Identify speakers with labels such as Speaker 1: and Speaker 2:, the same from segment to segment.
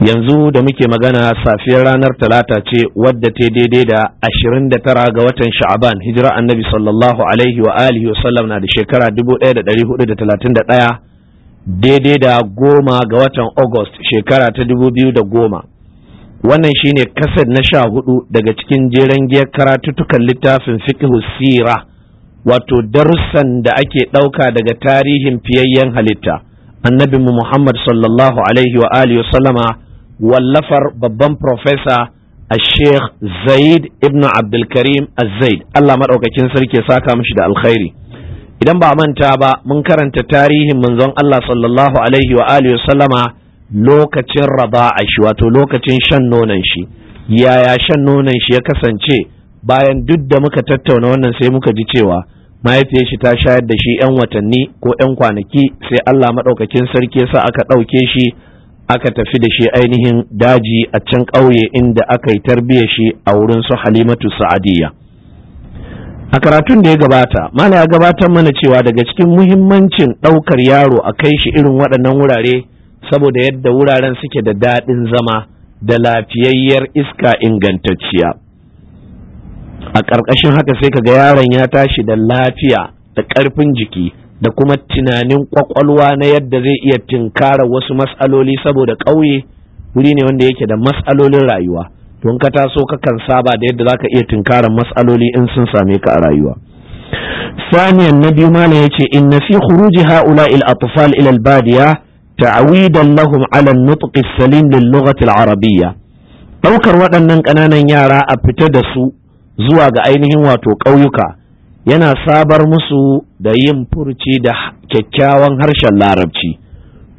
Speaker 1: yanzu da muke magana safiyar ranar talata ce wadda ta daidai da 29 ga watan sha'aban hijira annabi sallallahu alaihi wa alihi wasallam na da shekara 1431 daidai da goma ga watan august shekara ta 2010 wannan shine kasar na sha hudu daga cikin jeren giyar karatuttukan littafin fiqhu sira wato darussan da ake ɗauka daga tarihin fiyayyen halitta annabinmu Muhammad sallallahu alaihi wa alihi sallama wallafar babban profesa a sheikh zaid ibn abdulkarim zaid allah maɗaukakin sarki saka mishi da alkhairi idan ba manta ba mun karanta tarihin manzon allah sallallahu alaihi wa alihi sallama lokacin raba shi wato lokacin shan nonon shi yaya shan nonon shi ya kasance bayan duk da muka tattauna wannan sai muka ji cewa mahaifiyar shi ta shayar da shi 'yan watanni ko 'yan kwanaki sai Allah maɗaukakin sarki sa aka ɗauke shi aka tafi da shi ainihin daji a can ƙauye inda aka yi tarbiya shi a wurin su halimatu sa'adiyya a karatun da ya gabata mana ya gabatar mana cewa daga cikin muhimmancin ɗaukar yaro a kai shi irin waɗannan wurare saboda yadda wuraren suke da daɗin zama da lafiyayyar iska ingantacciya a ƙarƙashin haka sai ka ga yaron ya tashi da lafiya da ƙarfin jiki da kuma tunanin kwakwalwa na yadda zai iya tinkara wasu matsaloli saboda ƙauye wuri ne wanda yake da matsalolin rayuwa don ka taso kakan saba da yadda zaka iya tinkara matsaloli in sun same ka a rayuwa saniyan na biyu malam yace inna fi khuruji haula il atfal ila al badiya ta'awidan lahum ala al nutq salim lil lughati al arabiyya daukar waɗannan ƙananan yara a fita da su zuwa ga ainihin wato ƙauyuka yana sabar musu da yin furci da kyakkyawan harshen larabci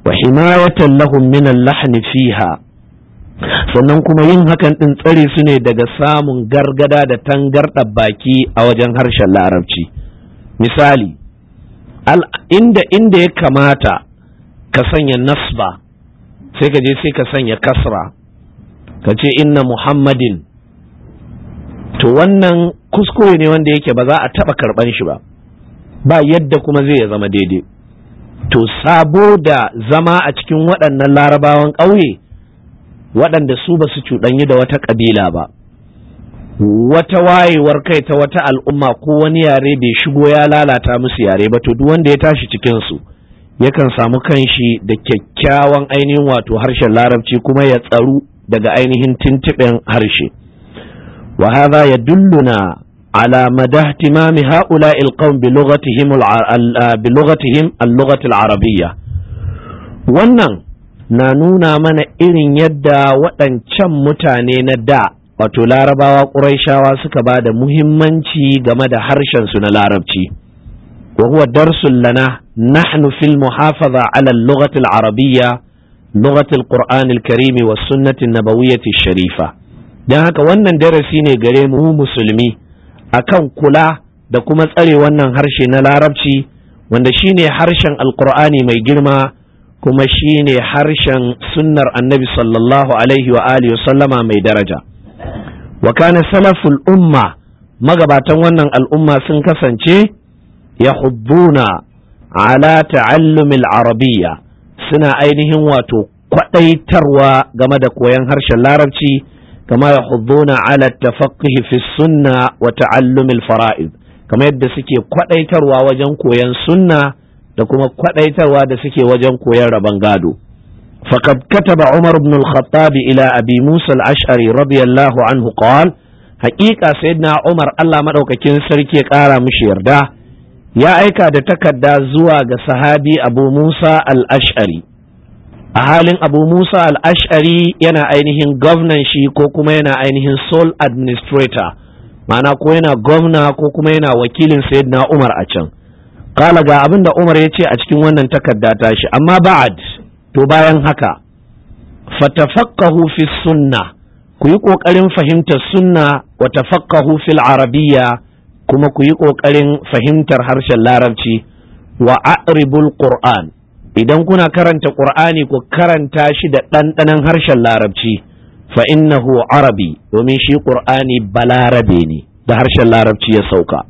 Speaker 1: wa himayatan lahum min al-lahn fiha sannan kuma yin hakan din tsare su ne daga samun gargada da tangarɗa baki a wajen harshen larabci misali inda inda ya kamata ka sanya nasba sai ka je sai ka sanya kasra ka ce inna muhammadin to wannan kuskure ne wanda yake ba za a taɓa karɓan shi ba ba yadda kuma zai zama daidai to sabo da zama a cikin waɗannan larabawan ƙauye waɗanda su ba su cuɗanyi da wata ƙabila ba wata wayewar kai ta wata al'umma ko wani yare bai shigo ya lalata musu yare ba to duk wanda ya tashi cikinsu yakan samu kanshi da kyakkyawan ainihin wato harshen larabci kuma ya tsaru daga ainihin tuntuɓen harshe. wa hadha yadulluna ala madah timami haula alqawm bi lughatihim bi lughatihim arabiyya wannan na nuna mana irin yadda waɗancan mutane na da wato larabawa ƙuraishawa suka ba da muhimmanci game da harshensu na larabci wa huwa darsul lana nahnu fil muhafaza ala al-lughati al-arabiyya lughati al-qur'an quran al wa sunnati an sharifa don haka wannan darasi ne gare mu musulmi akan kula da kuma tsare wannan harshe na larabci wanda shine harshen alkur'ani mai girma kuma shine harshen sunnar annabi sallallahu alaihi wa alihi sallama mai daraja wa kana salaful umma magabatan wannan al'umma sun kasance ya hubbuna ala ta'allumil arabiyya suna ainihin wato kwadaitarwa game da koyon harshen larabci kama yahudduna ala tafaqquhi fi sunna wa ta'allum al fara'id kama yadda suke kwadaitarwa wajen koyan sunna da kuma kwadaitarwa da suke wajen koyan rabon gado فقد كتب عمر بن الخطاب إلى أبي موسى الأشعري رضي الله عنه قال حقيقة سيدنا عمر الله مدوك كين yarda, قال مشير ده يا zuwa ga sahabi صحابي أبو موسى الأشعري a halin abu musa Al-Ashari yana ainihin gwamnan shi ko kuma yana ainihin sole administrator ma'ana ko yana gwamna ko kuma yana wakilin sayyidina umar a can kala ga abin da umar ya ce a cikin wannan takarda shi. amma ba'ad to bayan haka fatafakkahu fi sunna ku yi ƙoƙarin fahimtar sunna wa tafakkahu fil arabiyya kuma ku yi ƙoƙarin fahimtar harshen larabci wa a'ribul qur'an idan kuna karanta ƙur'ani ku karanta shi da ɗanɗanon harshen larabci fa innahu arabi domin shi ƙur'ani balarabe ne da harshen larabci ya sauka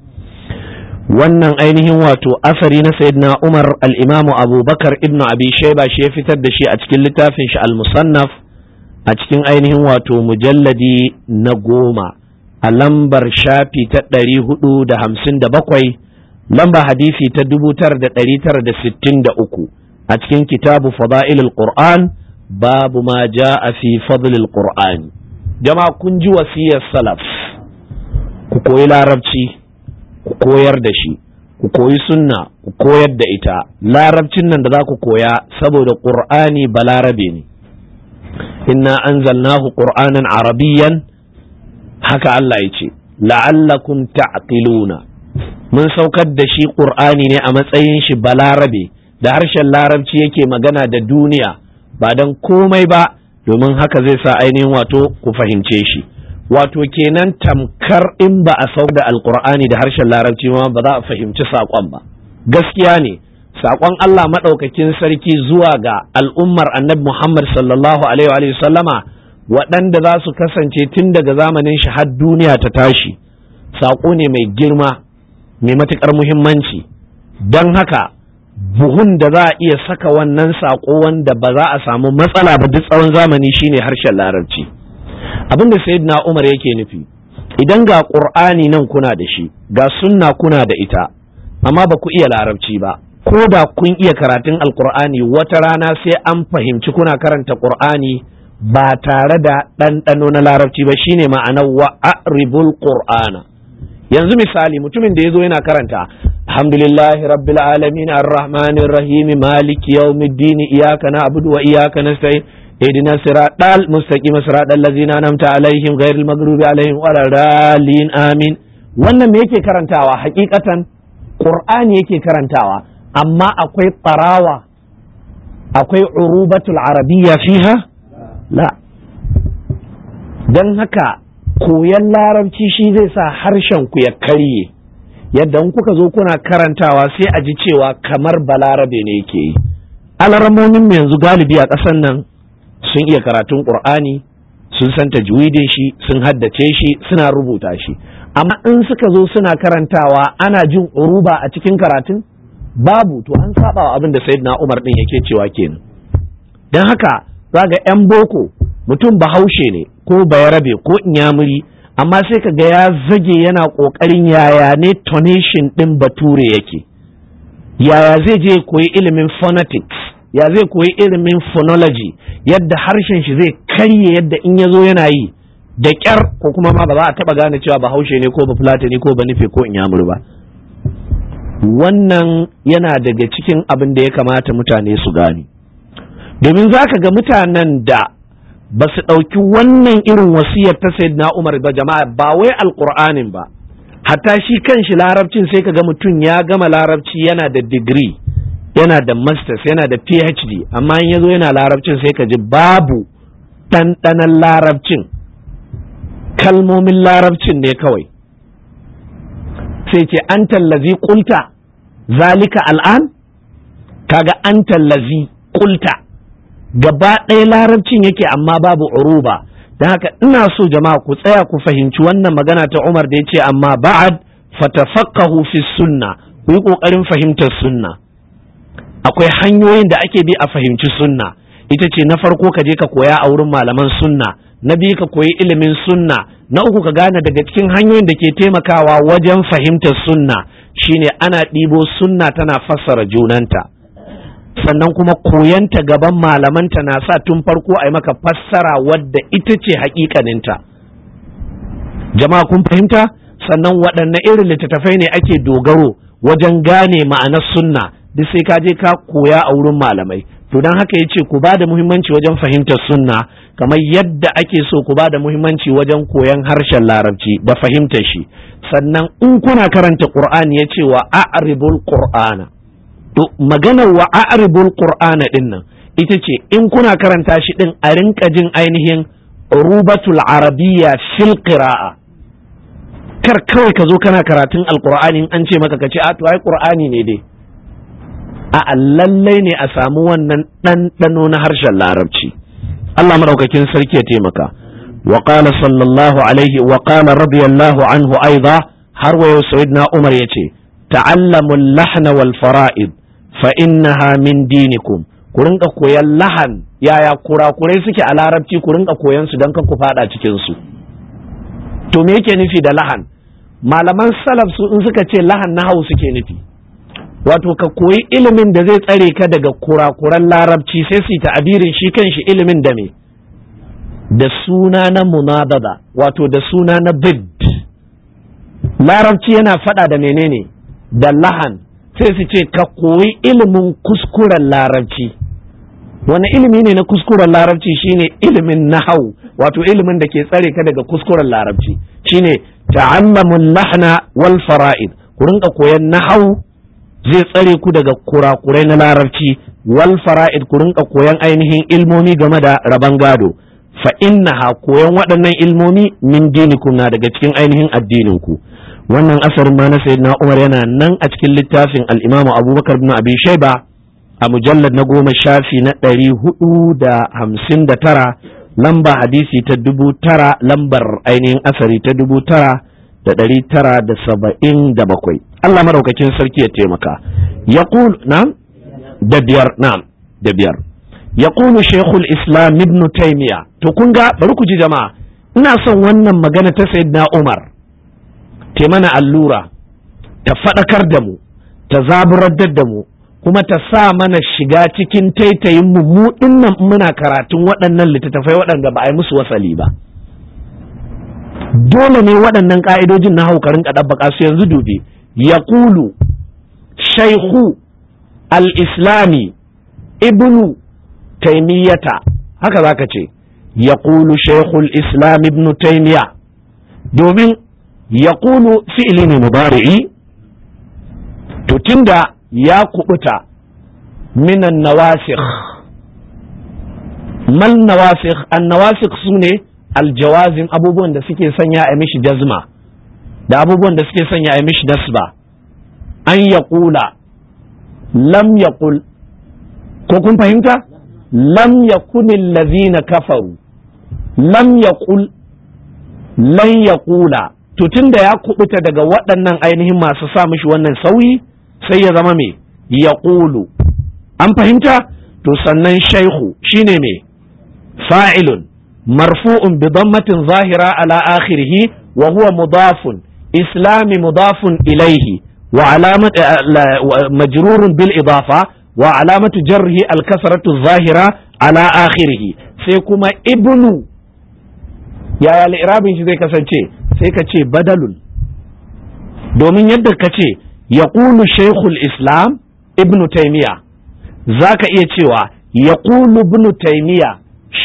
Speaker 1: wannan ainihin wato asari na sayyidina umar al-imamu abubakar ibnu abi shaiba shi ya fitar da shi a cikin littafin shi al-musannaf a cikin ainihin wato mujalladi na goma a lambar shafi ta ɗari hudu da hamsin da bakwai lamba hadisi ta dubu tara da ɗari tara da sittin da uku a cikin kitabu fada'ilul qur'an babu ma ja'a fi fadlil qur'an jama'a kun ji wasiyar salaf ku koyi larabci ku koyar da shi ku koyi sunna ku koyar da ita larabcin nan da za ku koya saboda qur'ani balarabe ne inna anzalnahu qur'anan arabiyyan haka Allah ya ce la'allakum ta'qiluna mun saukar da shi qur'ani ne a matsayin shi balarabe da harshen larabci yake magana da duniya ba don komai ba domin haka zai sa ainihin wato ku fahimce shi wato kenan tamkar in ba a sau da alkur'ani da harshen larabci ma ba za a fahimci saƙon ba gaskiya ne saƙon Allah maɗaukakin sarki zuwa ga al'ummar annabi Muhammad sallallahu alaihi sallama waɗanda za su kasance tun daga zamanin shi har duniya ta tashi saƙo ne mai girma mai matuƙar muhimmanci don haka buhun da za a iya saka wannan saƙo wanda ba za a samu matsala ba duk tsawon zamani shine harshen larabci abin da sayyidina umar yake nufi idan ga ƙur'ani nan kuna da shi ga sunna kuna da ita amma ba ku iya larabci ba ko da kun iya karatun alƙur'ani wata rana sai an fahimci kuna karanta ƙur'ani ba tare da ɗanɗano na larabci ba shine ma'anar wa'aribul ƙur'ana yanzu misali mutumin da ya zo yana karanta الحمد لله رب العالمين الرحمن الرحيم مالك يوم الدين إياك نعبد وإياك نستعين اهدنا الصراط المستقيم صراط الذين أنعمت عليهم غير عليهم ولا الضالين آمين wannan me yake karantawa hakikatan qur'ani yake karantawa amma akwai tarawa akwai urubatul arabiyya fiha la dan haka koyan larabci shi zai sa harshen ku ya karye yadda in kuka zo kuna karantawa sai a ji cewa kamar balarabe ne yake yi alaramomin mu yanzu galibi a ƙasan nan sun iya karatun ƙur'ani sun san tajwidin shi sun haddace shi suna rubuta shi amma in suka zo suna karantawa ana jin uruba a cikin karatun babu to an saba wa abin da sayyidina Umar din yake cewa kenan dan haka zaga yan boko mutum bahaushe ne ko bayarabe ko inyamuri amma sai ka ga ya zage yana ƙoƙarin yaya ne tonation ɗin bature yake yaya zai je koyi ilimin phonetics ya zai koyi ilimin phonology yadda harshen shi zai karye yadda in ya zo yana yi da ƙyar ko kuma ma ba za a taba gane cewa ba haushe ne ko ba ne ko ba nufe ko in yamuru ba wannan yana daga cikin abin da ya kamata mutane su gane domin za ka ga mutanen da ba su ɗauki wannan irin wasiyar ta sayyidina Umar ba jama'a ba wai alƙur'anin ba hatta shi kan shi larabcin sai ka ga mutum ya gama larabci yana da digiri yana da masters yana da phd amma in yazo yana larabcin sai ka ji babu ɗanɗanan larabcin kalmomin larabcin ne kawai sai ce an tallazi kulta zalika al'an kaga an tallazi kulta gaba ɗaya larabcin yake amma babu uruba don haka ina so jama'a ku tsaya ku fahimci wannan magana ta Umar da ya ce amma ba'ad fatafaqahu fi sunna ku yi kokarin fahimtar sunna akwai hanyoyin da ake bi a fahimci sunna ita ce na farko ka je ka koya a wurin malaman sunna na biyu ka koyi ilimin sunna na uku ka gane daga cikin hanyoyin da ke taimakawa wajen fahimtar sunna shine ana ɗibo sunna tana fassara junanta sannan kuma koyanta gaban malamanta na sa tun farko a yi maka fassara wadda ita ce hakikaninta jama'a kun fahimta sannan waɗanne irin littattafai ne ake dogaro wajen gane ma'anar sunna duk sai ka je ka koya a wurin malamai to don haka yace ku ba da muhimmanci wajen fahimtar sunna kamar yadda ake so ku ba da muhimmanci wajen koyan harshen larabci da fahimtar shi sannan in kuna karanta qur'ani yace wa a'ribul qur'ana to maganar wa a'ribul qur'ana din nan ita ce in kuna karanta shi din a rinka jin ainihin rubatul arabiyya fil qira'a kar kawai ka zo kana karatun alqur'ani an ce maka ka ci, a ah, to ai qur'ani ne dai a lallai ne a samu wannan ɗanɗano na harshen larabci Allah madaukakin sarki ya taimaka wa qala sallallahu alaihi wa qala radiyallahu anhu aiza har wa yau sayyidina Umar yace ta'allamul lahna wal fara'id fa innaha min dinikum ku rinka koyan lahan yaya kurakurai suke a larabci ku rinka koyan su don kan ku fada cikin su to me yake nufi da lahan malaman salaf su in suka ce lahan na hau suke nufi wato ka koyi ilimin da zai tsare ka daga kurakuran larabci sai su ta'abirin shi kan shi ilimin da me da suna na munadada wato da suna na bid larabci yana fada da menene da lahan sai su ce ka koyi ilimin kuskuren larabci wani ilimi ne na kuskuren larabci shine ilimin nahau wato ilimin da ke tsare ka daga kuskuren larabci shine ta'allamun lahna wal fara'id ku rinka koyan nahau zai tsare ku daga kurakurai na larabci wal fara'id ku rinka koyan ainihin ilmomi game da raban gado fa innaha koyan waɗannan ilmomi min dinikum na daga cikin ainihin addinin ku wannan asarin ma na sayyidina Umar yana nan a cikin littafin al-Imam Abubakar bin Abi Shayba a mujallar na goma shafi na ɗari hudu da hamsin da tara lambar hadisi ta dubu tara lambar ainihin asari ta dubu tara da ɗari tara da saba'in da bakwai Allah maraukakin sarki ya taimaka ya na da biyar na da biyar ya kulu shekul islam ibn taimiya to kun ga bari ku ji jama'a ina son wannan magana ta sayyidina umar ta mana allura ta faɗakar da mu ta zaburar da mu kuma ta sa mana shiga cikin taitayin mu mu dinnan muna karatun waɗannan littattafai waɗanda ba a yi musu wasali ba dole ne waɗannan ƙa'idojin na haukarin ɗabbaka su yanzu dubi ya kulu shaihu al-islami ibnu taimiyyata haka za ka ce ya kulu shaihul islam ibnu taimiyya domin yaqulu fi'li ne mubari'i to tunda ya kubuta minan nawasikh mal nawasikh an nawasikh sune aljawazim abubuwan da suke sanya a mishi jazma da abubuwan da suke sanya a mishi nasba an yaqula lam yaqul ko kun fahimta lam yakun allazina kafaru lam yaqul lan yaqula to tun da ya kubuta daga waɗannan ainihin masu sa mishi wannan sauyi sai ya zama me ya ƙulu an fahimta to sannan shaihu shine me fa'ilun marfu'un bi dammatin zahira ala akhirih wa huwa mudafun islami mudafun ilaihi wa alamatu eh, majrurun bil idafa wa alamatu jarhi al zahira ala akhirihi sai kuma ibnu yaya al'irabin shi zai kasance sai ka ce badalun domin yadda ka ce ya ƙulu shaikhul islam ibnu taimiya za ka iya cewa ya ƙulu ibnu taimiya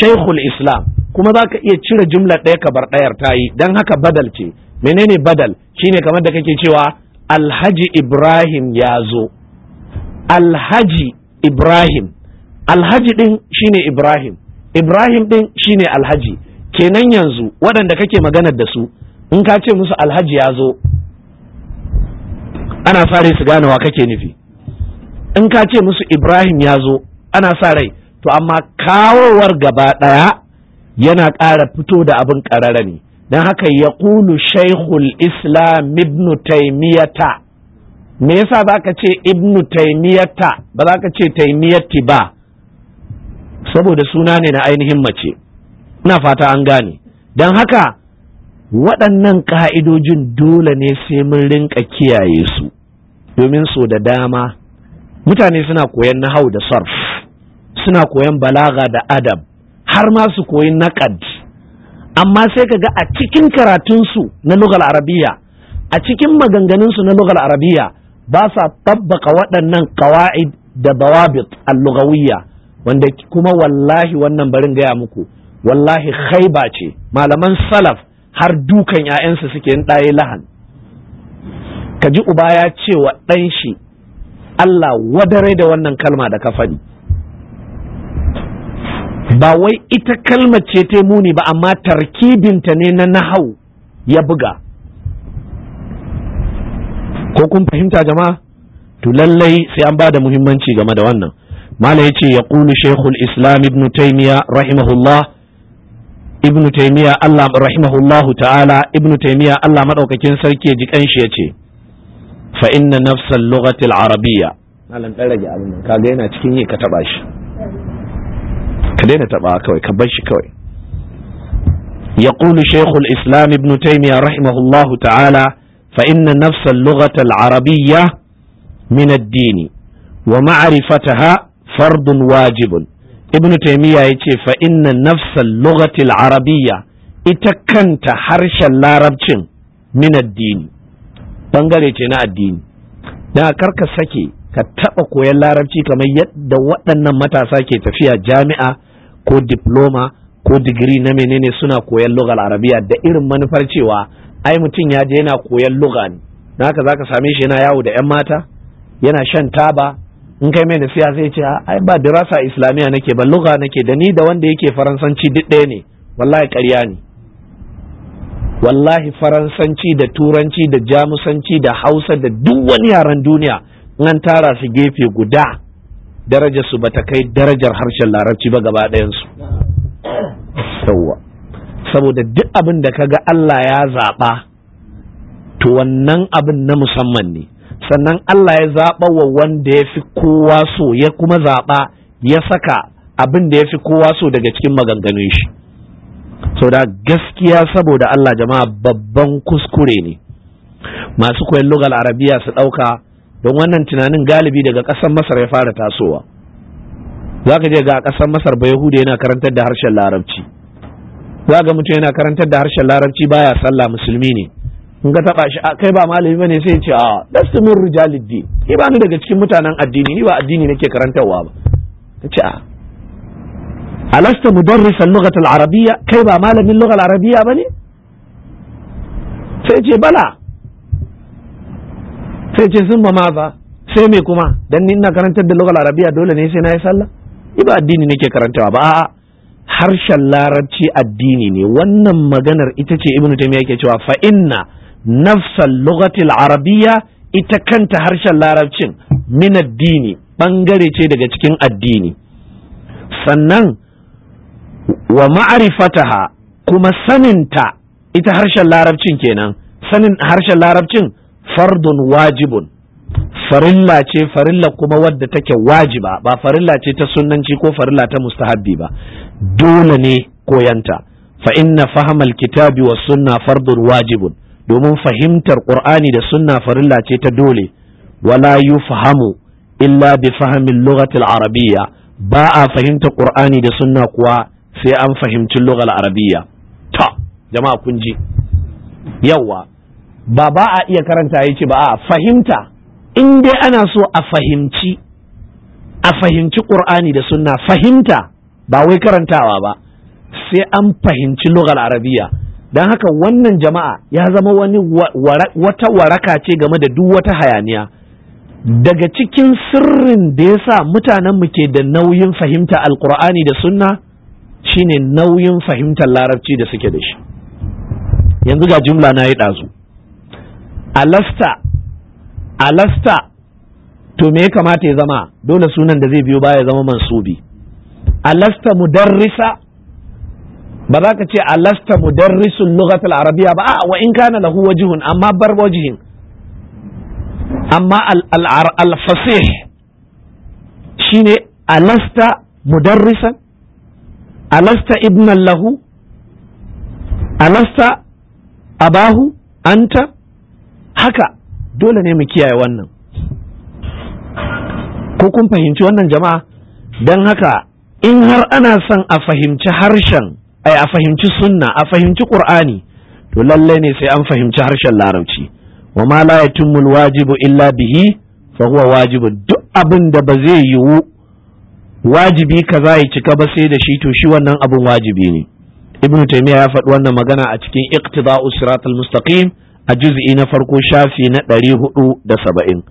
Speaker 1: shaikhul islam kuma za ka iya cire jumla ɗaya ka bar ɗayar ta yi don haka badal ce menene badal shine kamar da kake cewa alhaji ibrahim ya zo alhaji ibrahim alhaji ɗin shine ibrahim ibrahim ɗin shine alhaji kenan yanzu waɗanda kake maganar da su in ka ce musu alhaji ya zo ana sa rai su gane wa kake nufi in ka ce musu ibrahim ya zo ana sa rai to amma kawowar gaba ɗaya yana ƙara fito da abin ƙarara ne don haka ya ƙulu shaikhul islam ibn taimiyata me yasa za ka ce ibn taimiyata ba za ka ce taimiyati ba saboda suna ne na ainihin mace ina fata an gane don haka waɗannan ƙa'idojin dole ne sai mun rinka kiyaye su domin so da dama mutane suna koyan nahau da sarf suna koyan balaga da adab har ma su koyi naƙad amma sai ka ga a cikin karatunsu na lugal arabiya a cikin maganganunsu na lugal arabiya ba sa tabbaka waɗannan ƙawa'id da bawabit al-lugawiyya wanda kuma wallahi wannan barin gaya muku wallahi khaiba ce malaman salaf har dukan 'ya'yansa suke yin lahan ka ji uba ya ce wa ɗan shi Allah wadare da wannan kalma da ka faɗi ba wai ita kalma ce ta muni ba amma tarkibinta ne na nahau ya buga ko kun fahimta jama'a to lallai sai an ba da muhimmanci game da wannan mala yace ya qulu shaykhul islam ibn taymiya rahimahullah ibnu taymiya Allah rahimahullahu ta'ala ibnu taymiya Allah madaukakin sarki ya ji kanshi yace fa inna nafsal lughati al arabiyya malam dan rage abin nan kaga yana cikin yi ka taba shi ka daina taba kawai ka bar shi kawai يقول شيخ الإسلام ابن تيمية رحمه الله تعالى فإن نفس اللغة العربية من الدين ومعرفتها فرض واجب ibnu taymiya yace fa inna nafsal lughatil arabiyya ita kanta harshen larabcin min addini bangare ce na addini da karka sake ka taɓa koyan larabci kamar yadda waɗannan matasa ke tafiya jami'a ko diploma ko digiri na menene suna koyon lugal arabiya da irin manufar cewa ai mutum ya je yana koyan luga ne na haka ka same shi yana yawo da 'yan mata yana shan taba in kai mai nasiha zai ce ai ba dirasa islamiya nake ba lugha nake da ni da wanda yake faransanci duk ɗaya ne wallahi ƙarya ne wallahi faransanci da turanci da jamusanci da hausa da duk wani yaren duniya in an tara su gefe guda darajar su bata kai darajar harshen larabci ba gaba ɗayansu saboda duk abin da kaga Allah ya zaɓa to wannan abin na musamman ne sannan Allah ya zaɓa wa wanda ya fi kowa so ya kuma zaɓa ya saka abin da ya fi kowa so daga cikin maganganun shi so da gaskiya saboda Allah jama'a babban kuskure ne masu koyon lugal arabiya su ɗauka don wannan tunanin galibi daga ƙasar masar ya fara tasowa za ka je ga ƙasar masar ba yahudu yana karantar da harshen larabci za ga mutum yana karantar da harshen larabci baya sallah musulmi ne in ka taba shi kai ba malami bane sai ce a lastu min rijaliddi ni ba ni daga cikin mutanen addini ni ba addini nake karantarwa ba ta ce a alasta mudarrisan al arabiyya kai ba malamin lughatul arabiyya bane sai ce bala sai ce sun ma ba sai me kuma dan ni ina karantar da lugal arabiya dole ne sai na yi sallah ni ba addini nake karantawa ba a'a harshen larabci addini ne wannan maganar ita ce ibnu taymiya yake cewa fa inna nafsan lugatil arabiya ita kanta harshen larabcin min addini bangare ce daga cikin addini sannan wa ma'arifataha kuma saninta ita harshen larabcin kenan sanin harshen larabcin fardun wajibun farilla ce farilla kuma wadda take wajiba ba farilla ce ta sunanci ko farilla ta mustahabbi ba dole ne koyanta fa inna fahamal kitabi was sunna fardun wajibun domin fahimtar qur'ani da sunna farilla ce ta dole wala yu fahamu illa bi fahamin lughatil arabiyya ba a fahimta qur'ani da sunna kuwa sai an fahimci lughal arabiyya ta jama'a kun ji yawa ba ba a iya karanta yace ba a fahimta in dai ana so a fahimci a fahimci qur'ani da sunna fahimta ba wai karantawa ba sai an fahimci lughal arabiyya don haka wannan jama'a ya zama wani wata waraka ce game da duk wata hayaniya daga cikin sirrin da ya sa mutanen mu ke da nauyin fahimta alkur'ani da sunna shine nauyin fahimtar larabci da suke da shi yanzu ga jumla na yi ɗazu alasta alasta to me ya kamata ya zama dole sunan da zai biyo baya ya zama mansubi alasta mudarrisa ba za ka ce alasta mudarrisul lughatul arabiya ba a wa in kana lahu wajhun amma bar wajhin amma al fasih shine alasta mudarrisan alasta ibnan lahu alasta abahu anta haka dole ne mu kiyaye wannan ko kun fahimci wannan jama'a don haka in har ana son a fahimci harshen ai a fahimci sunna a fahimci qur'ani to lallai ne sai an fahimci harshen larabci wa ma la yatimmu illa bihi fa huwa duk abin da ba zai yiwu wajibi kaza ya cika ba sai da shi to shi wannan abin wajibi ne ibnu taymiya ya faɗi wannan magana a cikin iqtida'u siratal mustaqim a juz'i na farko shafi na 470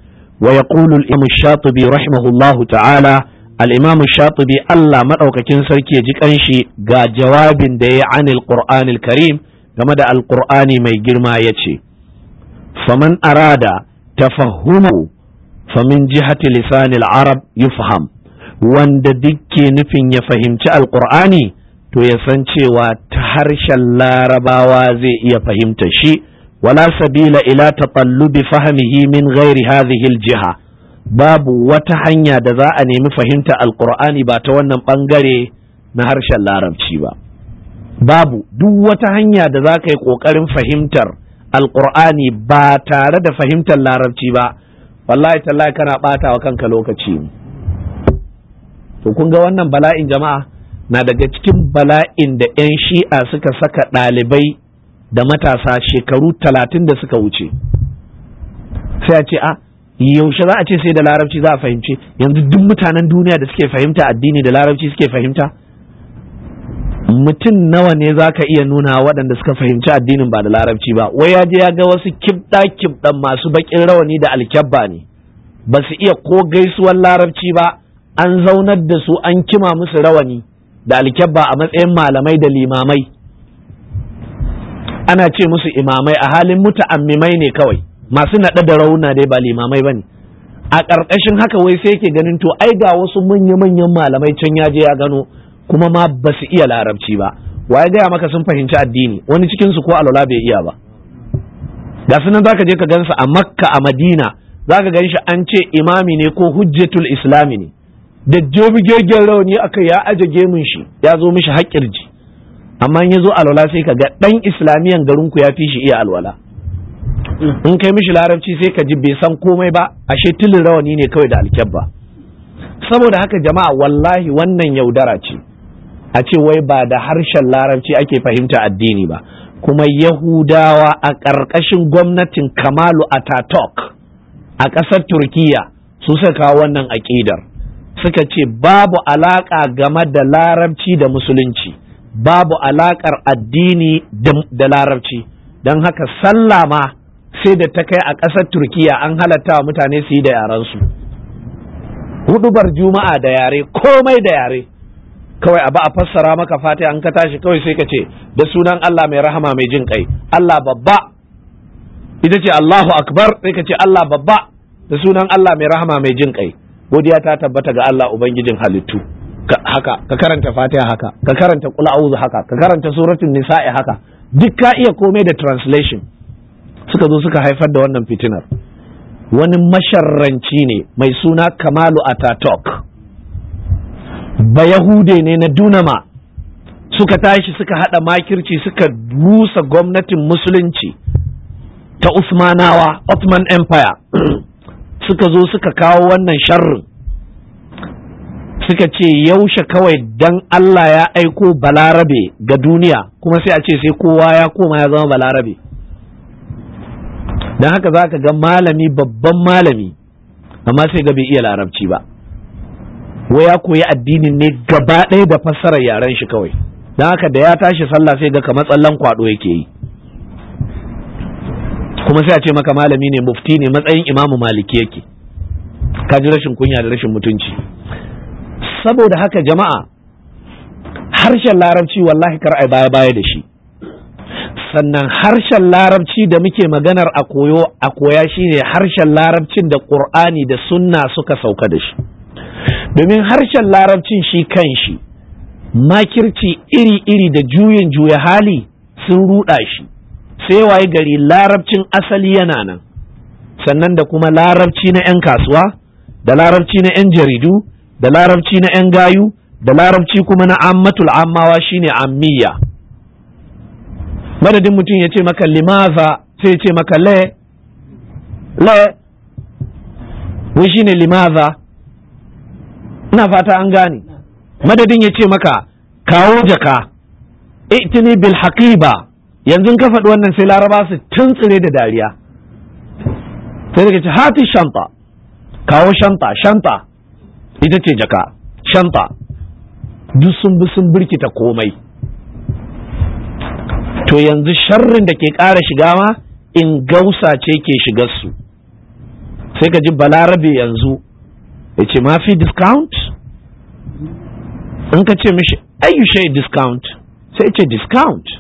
Speaker 1: wa yaqulu al-imam shatibi rahimahullahu ta'ala al'imamu shatubi Allah maɗaukakin sarki ya ji ƙanshi ga jawabin da ya anil qur'anil karim game da alƙur'ani mai girma ya ce faman arada tafahumu famin jihati lisanil arab yufham wanda duk ke nufin ya fahimci alƙur'ani to ya san cewa ta harshen larabawa zai iya fahimta shi wala sabila ila taɓallubi fahimihi min ghairi hadhihi jiha babu wata hanya da za a nemi fahimta alkur'ani ba ta wannan bangare na harshen larabci ba babu duk wata hanya da za ka yi ƙoƙarin fahimtar alkur'ani ba tare da fahimtar larabci ba wallahi tallahi kana bata wa kanka lokaci to kun ga wannan bala'in jama'a na daga cikin bala'in da 'yan shi'a suka saka ɗalibai da matasa shekaru talatin da suka wuce sai a ce a ah, yaushe za a ce sai da larabci za a fahimci? yanzu duk mutanen duniya da suke fahimta addini da larabci suke fahimta mutum nawa ne za ka iya nuna waɗanda suka fahimci addinin ba da larabci ba wai ya je ya ga wasu kibɗa kibɗan masu baƙin rawani da alkyabba ne ba su iya ko gaisuwar larabci ba an zaunar da su an kima musu rawani da alkyabba a matsayin malamai da limamai ana ce musu imamai a halin muta'ammimai ne kawai masu naɗa da rauna dai ba limamai ba ne. a ƙarƙashin haka wai sai ke ganin to ai ga wasu manya-manyan malamai can ya je ya gano kuma ma ba su iya larabci ba Wa ya gaya maka sun fahimci addini wani cikin su ko alwala bai iya ba ga sunan za zaka je ka gansa a makka a madina zaka gan shi an ce imami ne ko hujjatul islami ne da jobi gegen rauni aka ya aje gemun shi ya zo mishi haƙƙirji amma ya zo alwala sai ka ga ɗan islamiyan garinku ya fi shi iya alwala Mm. in kai mishi larabci sai ka ji bai san komai ba ashe tilin rawani ne kawai da alkyabba saboda haka jama'a wallahi wannan yaudara ce a ce wai ba da harshen larabci ake fahimta addini ba kuma yahudawa a ƙarƙashin gwamnatin kamalu atatok a ƙasar turkiya su suka kawo wannan aƙidar suka ce babu alaƙa game da larabci da musulunci babu alaƙar addini da larabci don haka sallah ma sai da ta kai a ƙasar turkiya an halatta wa mutane su yi da su. hudubar juma'a da yare komai da yare kawai abu a fassara maka fata an ka tashi kawai sai ka ce da sunan allah mai rahama mai jin kai allah babba ita ce allahu akbar sai ka ce allah babba da sunan allah mai rahama mai jin kai godiya ta tabbata ga allah ubangijin halittu haka ka karanta fatiha haka ka karanta qul a'udhu haka ka karanta suratul nisa'i haka duk ka iya komai da translation suka zo suka haifar da wannan fitinar wani masharranci ne mai suna kamalu atatok ba yahude ne na dunama suka tashi suka hada makirci suka rusa gwamnatin musulunci ta usmanawa ottoman empire suka zo suka kawo wannan sharrin suka ce yaushe kawai dan Allah ya aiko balarabe ga duniya kuma sai a ce sai kowa ya koma ya zama balarabe don haka za ka ga malami babban malami amma sai ga bai iya larabci ba wai ya koyi addinin ne gaba ɗaya da fassarar yaren shi kawai don haka da ya tashi sallah sai ga kamar tsallan kwaɗo yake yi kuma sai a ce maka malami ne mufti ne matsayin imamu maliki yake ka ji rashin kunya da rashin mutunci saboda haka jama'a harshen larabci wallahi kar a baya baya da shi sannan harshen larabci da muke maganar a koyo a koya shine harshen larabcin da ƙur'ani da sunna suka sauka da shi domin harshen larabcin shi kan shi makirci iri-iri da juyin juya hali sun ruɗa shi sai waye gari larabcin asali yana nan sannan da kuma larabci na 'yan kasuwa da larabci na 'yan jaridu da larabci na 'yan gayu da larabci kuma na ammatul ammawa shine ammiya madadin mutum ya ce maka limaza sai ya ce maka le le wai shine limaza ina fata an gane madadin ya ce maka kawo jaka itini bil haqiba yanzu ka faɗi wannan sai laraba su tuntsire da dariya sai daga ce hati shanta kawo shanta shanta ita ce jaka shanta duk sun bi sun birkita komai to yanzu sharrin da ke ƙara shiga ma in gausa ce ke shigar su sai ka ji balarabe yanzu ya ce ma fi discount in ka ce mishi ayu shai discount sai ce discount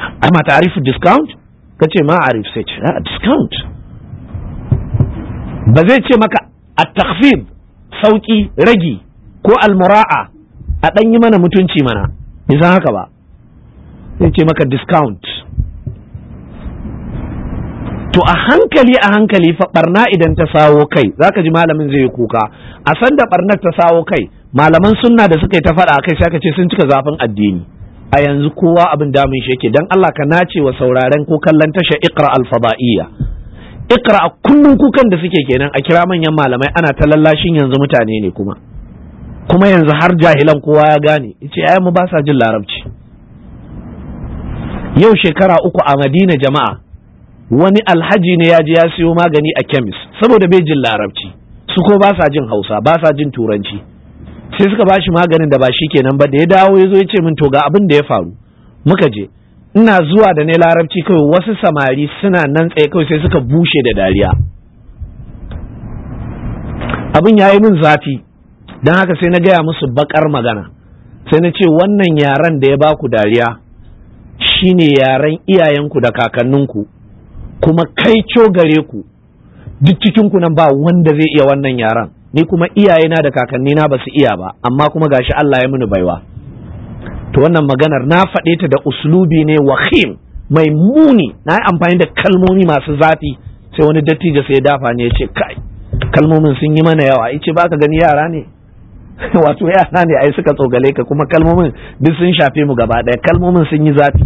Speaker 1: A ma ta'arifu discount ka ce ma arif sai ce ah, discount ba zai ce maka a takfib sauki ragi ko almura'a a ɗan yi mana mutunci mana nisan haka ba zai ce maka discount to a hankali a hankali fa barna idan ta sawo kai zaka ji malamin zai yi kuka a san da barnar ta sawo kai malaman sunna da suka yi ta faɗa kai shaka ce sun cika zafin addini a yanzu kowa abin damun shi yake dan Allah ka nace wa sauraren ko kallon tashar iqra al fadaiya iqra kullum kukan da suke kenan a kira manyan malamai ana ta lallashin yanzu mutane ne kuma kuma yanzu har jahilan kowa ya gane yace ai mu ba sa jin larabci yau shekara uku a madina jama'a wani alhaji ne ya je ya siyo magani a kemis saboda bai jin larabci su ko ba sa jin hausa ba sa jin turanci sai suka ba shi maganin da ba shi kenan ba da ya dawo ya zo ya ce min to ga abin da ya faru muka je ina zuwa da ne larabci kawai wasu samari suna nan tsaye kai sai suka bushe da dariya abin ya yi min zafi don haka sai na gaya musu bakar magana sai na ce wannan yaren da ya baku dariya shine yaren iyayenku da kakanninku kuma kai gare ku duk cikinku nan ba wanda zai iya wannan yaren ni kuma iyayena da kakannina ba su iya ba amma kuma gashi Allah ya muni baiwa to wannan maganar na faɗe ta da uslubi ne wahim mai muni na yi amfani da kalmomi masu zafi sai wani dattijo sai ya dafa ne ya ce kai kalmomin sun yi mana yawa ya ce ba ka gani yara ne wato yara ne ai suka tsogale ka kuma kalmomin duk sun shafe mu gaba ɗaya kalmomin sun yi zafi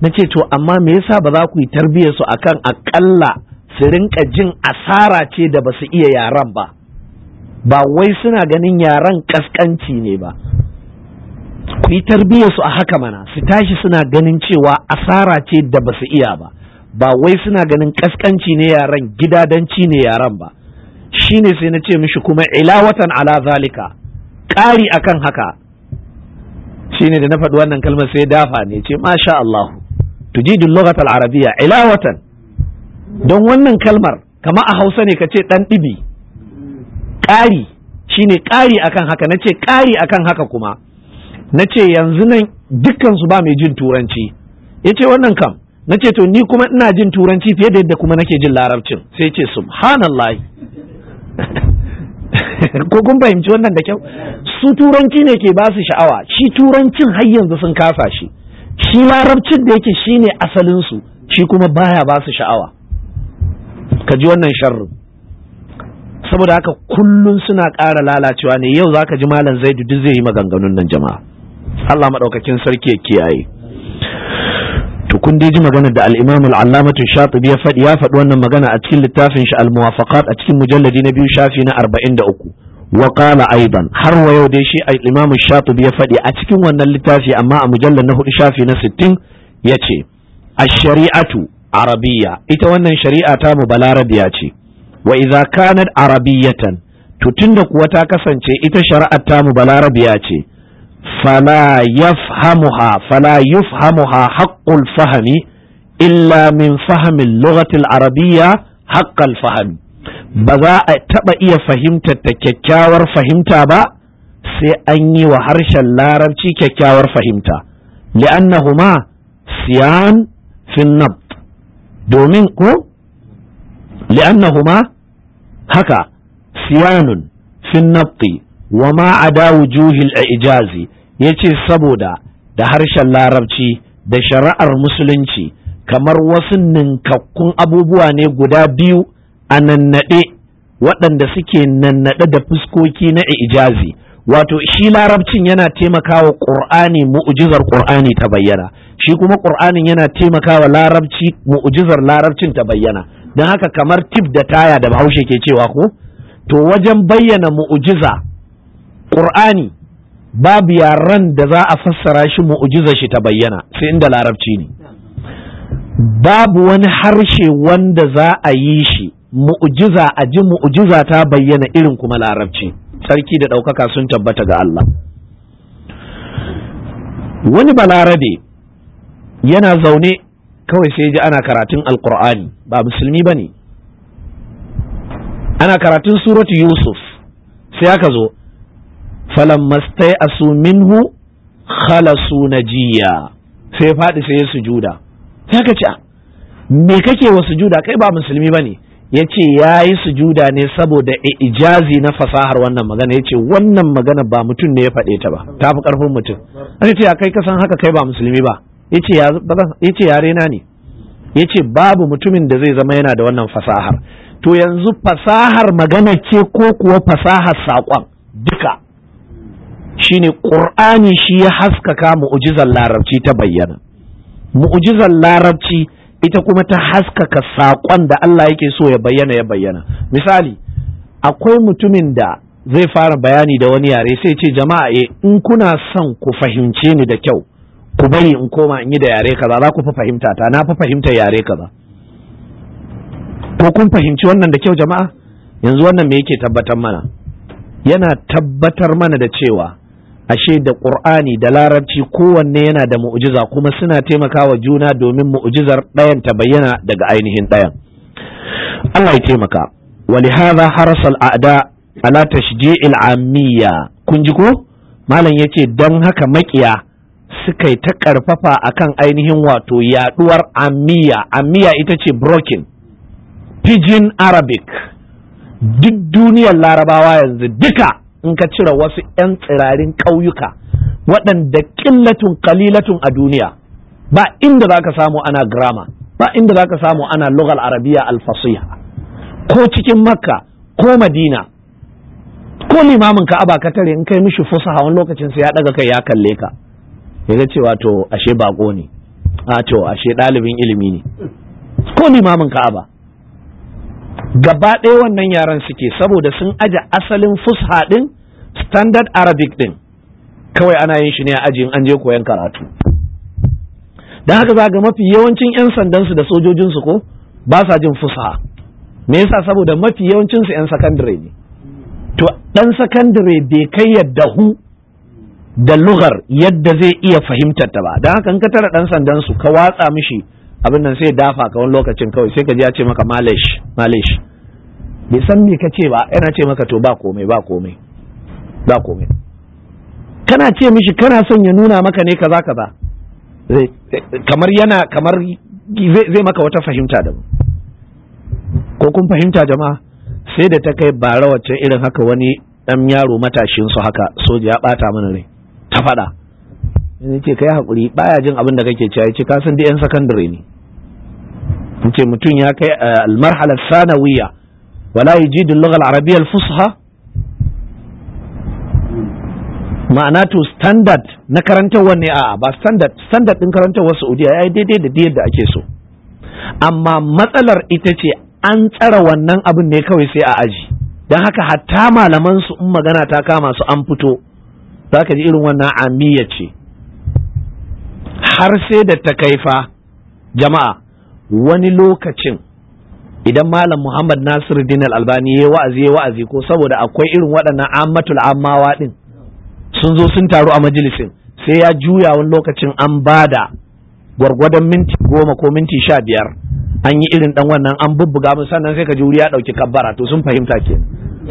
Speaker 1: na ce to amma me yasa ba za ku yi tarbiyyar su akan akalla su rinka jin asara ce da ba su iya yaran ba ba wai suna ganin yaran kaskanci ne ba ku yi tarbiyyar su a haka mana su tashi suna ganin cewa asara ce da ba su iya ba ba wai suna ganin kaskanci ne yaran gidadanci ne yaran ba shine sai na ce mishi kuma ilawatan ala zalika ƙari akan haka shine da na faɗi wannan kalmar sai dafa ne ce masha Allah tujidul lughat al arabiyya ilawatan don wannan kalmar kama a Hausa ne kace ɗan ɗibi ƙari shine ƙari akan haka Na ce ƙari akan haka kuma na ce yanzu nan dukkan ba mai jin turanci yace wannan kam Na ce to ni kuma ina jin turanci fiye da yadda kuma nake jin larabcin sai ce subhanallahi ko kun fahimci wannan da kyau su turanci ne ke basu sha'awa shi turancin har yanzu sun kasa shi shi larabcin da yake shi ne asalinsu? shi kuma baya basu sha'awa ka ji wannan sharrin saboda haka kullum suna ƙara lalacewa ne yau za ka ji malam zaidu duk zai yi maganganun nan jama'a Allah maɗaukakin sarki ya kiyaye to kun dai ji maganar da al-Imam al-Allamatu Shatibi ya faɗi ya faɗi wannan magana a cikin littafin shi al-Muwafaqat a cikin mujalladi na biyu shafi na 43 wa qala aidan har wa yau dai shi al-Imam Shatibi ya faɗi a cikin wannan littafi amma a mujallad na hudu shafi na 60 yace ash-shari'atu arabiyya ita wannan shari'a ta mu balarabiya ce wa idza kanat arabiyatan to tunda kuwa ta kasance ita shari'a ta mu balarabiya ce فلا يفهمها فلا يفهمها حق الفهم إلا من فهم اللغة العربية حق الفهم بذا اتبع ايا فهمت تكاور فهمتا با سي وحرش اللاربشي كاكاور فهمتا لأنهما سيان في النبط دومينكو لأنهما هكا سيان في النبط وما عدا وجوه الإعجازي ya ce saboda da harshen larabci da shari'ar musulunci kamar wasu ninkakkun abubuwa ne guda biyu a nannaɗe waɗanda suke nannaɗe da fuskoki na ijazi wato shi larabcin yana taimakawa ƙur'ani mu'ujizar ƙur'ani ta bayyana shi kuma ƙur'anin yana taimakawa larabci mu'ujizar larabcin ta bayyana don haka kamar tif da taya da bahaushe ke cewa ko to wajen bayyana mu'ujiza ƙur'ani babu yaran da za a fassara shi mu'ujiza shi ta bayyana sai inda larabci ne babu wani harshe wanda za a yi shi mu'ujiza a ji mu'ujiza ta bayyana irin kuma larabci sarki da ɗaukaka sun tabbata ga Allah wani balarabe yana zaune kawai sai ji ana karatun alkur'ani ba musulmi ba ne ana karatun suratu yusuf sai aka zo falan mastai asu minhu khalasu najiya sai faɗi sai ya sujuda sai ka ce ah, me kake wa sujuda kai ba musulmi bane ya ce ya yi sujuda ne saboda ijazi na fasahar wannan magana ya ce wannan magana ba mutum ne ya faɗe ta ba ta fi ƙarfin mutum an ce ya kai kasan haka kai ba musulmi ba ya ce ya rena ne ya ce babu mutumin da zai zama yana da wannan fasahar to yanzu fasahar magana ce ko kuwa fasahar saƙon duka shine ƙur'ani shi ya haskaka mu'ujizar larabci ta bayyana Mu'ujizar larabci ita kuma ta haskaka saƙon da Allah yake so ya bayyana ya bayyana misali akwai mutumin da zai fara bayani da wani yare sai ce jama'a e in kuna son ku fahimce ni da kyau ku bari in koma in yi da yare kaza za ku fi fahimta ta na fi fahimta yare kaza ko kun fahimci wannan da kyau jama'a yanzu wannan me yake tabbatar mana yana tabbatar mana da cewa ashe da ƙur'ani da larabci kowanne yana da mu'jiza kuma suna taimakawa juna domin mu'jizar ɗayan ta bayyana daga ainihin ɗayan Allah ya taimaka ولهذا حرص الأعداء على ko malam yace dan haka maƙiya دن هكا ta karfafa kan ainihin wato yaɗuwar ammiya. Ammiya ita ce broken pidgin arabic duk duniyar larabawa yanzu duka in ka cire wasu 'yan tsirarin ƙauyuka waɗanda ƙillatun ƙalilatun a duniya ba inda za ka samu ana grama ba inda za ka samu ana lugal arabiya alfasiha ko cikin makka ko madina ko limamin ka'aba ka tare in kai mishi fusa hawan lokacin sai ya daga kai ya kalle ka yaga cewa to ashe bako ne a to ashe ɗalibin ilimi ne ko limamin ka'aba gaba ɗaya wannan yaran suke saboda sun aje asalin fusha ɗin standard arabic ɗin kawai ana yin shi ne a ajiyin an je koyan karatu don haka za ga mafi yawancin 'yan sandansu da sojojinsu ko ba sa jin fusha me yasa saboda mafi yawancinsu 'yan sakandare ne to ɗan sakandare bai kai yadda hu da lugar yadda zai iya fahimtar ta ba don haka in ka tara ɗan sandansu ka watsa mishi abin nan sai dafa ka wani lokacin kawai sai ka ji ya ce maka malish malish bai san me ka ce ba yana ce maka to ba komai ba komai ba komai kana ce mishi kana son ya nuna maka ne kaza kaza kamar yana kamar zai maka wata fahimta da ko kun fahimta jama'a sai da ta kai bara wacce irin haka wani dan yaro matashin su haka soja ya bata mana rai ta fada in ce kai hakuri baya jin abin da kake cewa yace ka san da yan sakandare ne ce mutum ya kai eh, almarhalar sanawiya. wala yajidu al-lugha al-arabiyya fusha ma'ana to standard na karantarwar ne a'a ba standard standard din karantarwar Saudiya yayi daidai da da ake so amma matsalar ita ce an tsara wannan abin ne kawai sai a aji don haka hatta malaman su in magana ta kama su an fito za ka ji irin wannan amiya ce har sai da ta kaifa jama'a wani lokacin idan malam muhammad nasiru Dina albani ya wa'azi ya wa'azi ko saboda akwai irin waɗannan ammatul ammawa din sun zo sun taru a majalisin sai ya juya wani lokacin an bada gwargwadon minti goma ko minti sha biyar an yi irin dan wannan an bubbuga mu sannan sai ka ji wuri ya ɗauki kabbara to sun fahimta ke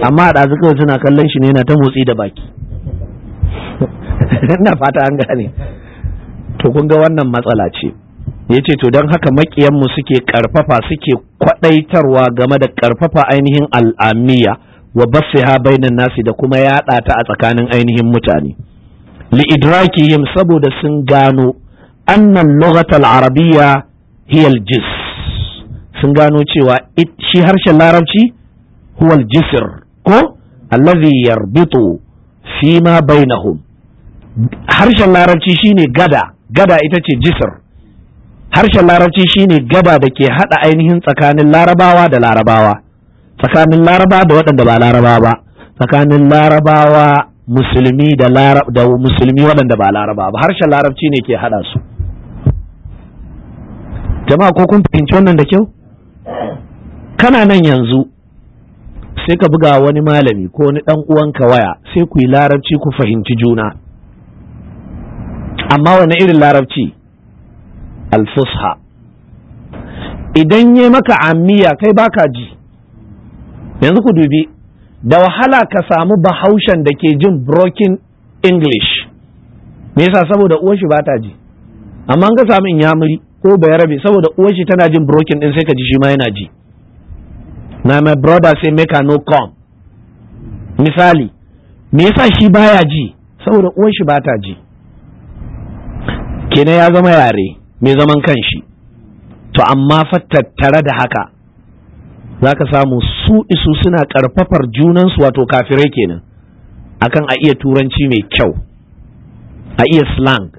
Speaker 1: amma a ɗazu kawai suna kallon shi ne na ta motsi da baki ina fata an gane to kun ga wannan matsala ce ya ce to don haka makiyanmu suke karfafa suke kwadaitarwa game da karfafa ainihin al'amiya wa basiha bainan nasi da kuma yaɗa ta a tsakanin ainihin mutane li idrakihim saboda sun gano annan lughatal arabiyya hiyal sun gano cewa shi harshen larabci huwal jisr ko allazi yarbitu fi ma bainahum harshen larabci shine gada gada ita ce jisr harshen larabci shine gada da ke haɗa ainihin tsakanin larabawa da larabawa tsakanin laraba da waɗanda ba laraba ba tsakanin larabawa musulmi da da musulmi waɗanda ba laraba ba harshen larabci ne ke haɗa su jama'a ko kun fahimci wannan da kyau kana nan yanzu sai ka buga wani malami ko wani dan uwanka waya sai ku yi larabci ku fahimci juna amma wani irin larabci alfusha idan ya maka amiya kai baka ji yanzu ku dubi da wahala ka samu bahaushen da ke jin broken english me yasa saboda uwar shi bata ji amma ka samu yamuri ko rabe saboda uwar shi tana jin broken din sai ka ji shi ma yana ji na my brother say make I no come misali me yasa shi baya ji saboda uwar shi bata ji kenan ya zama yare mai zaman kanshi to amma fa tattare da haka za ka samu su isu suna ƙarfafar junansu wato kafirai kenan akan a iya turanci mai kyau a iya slang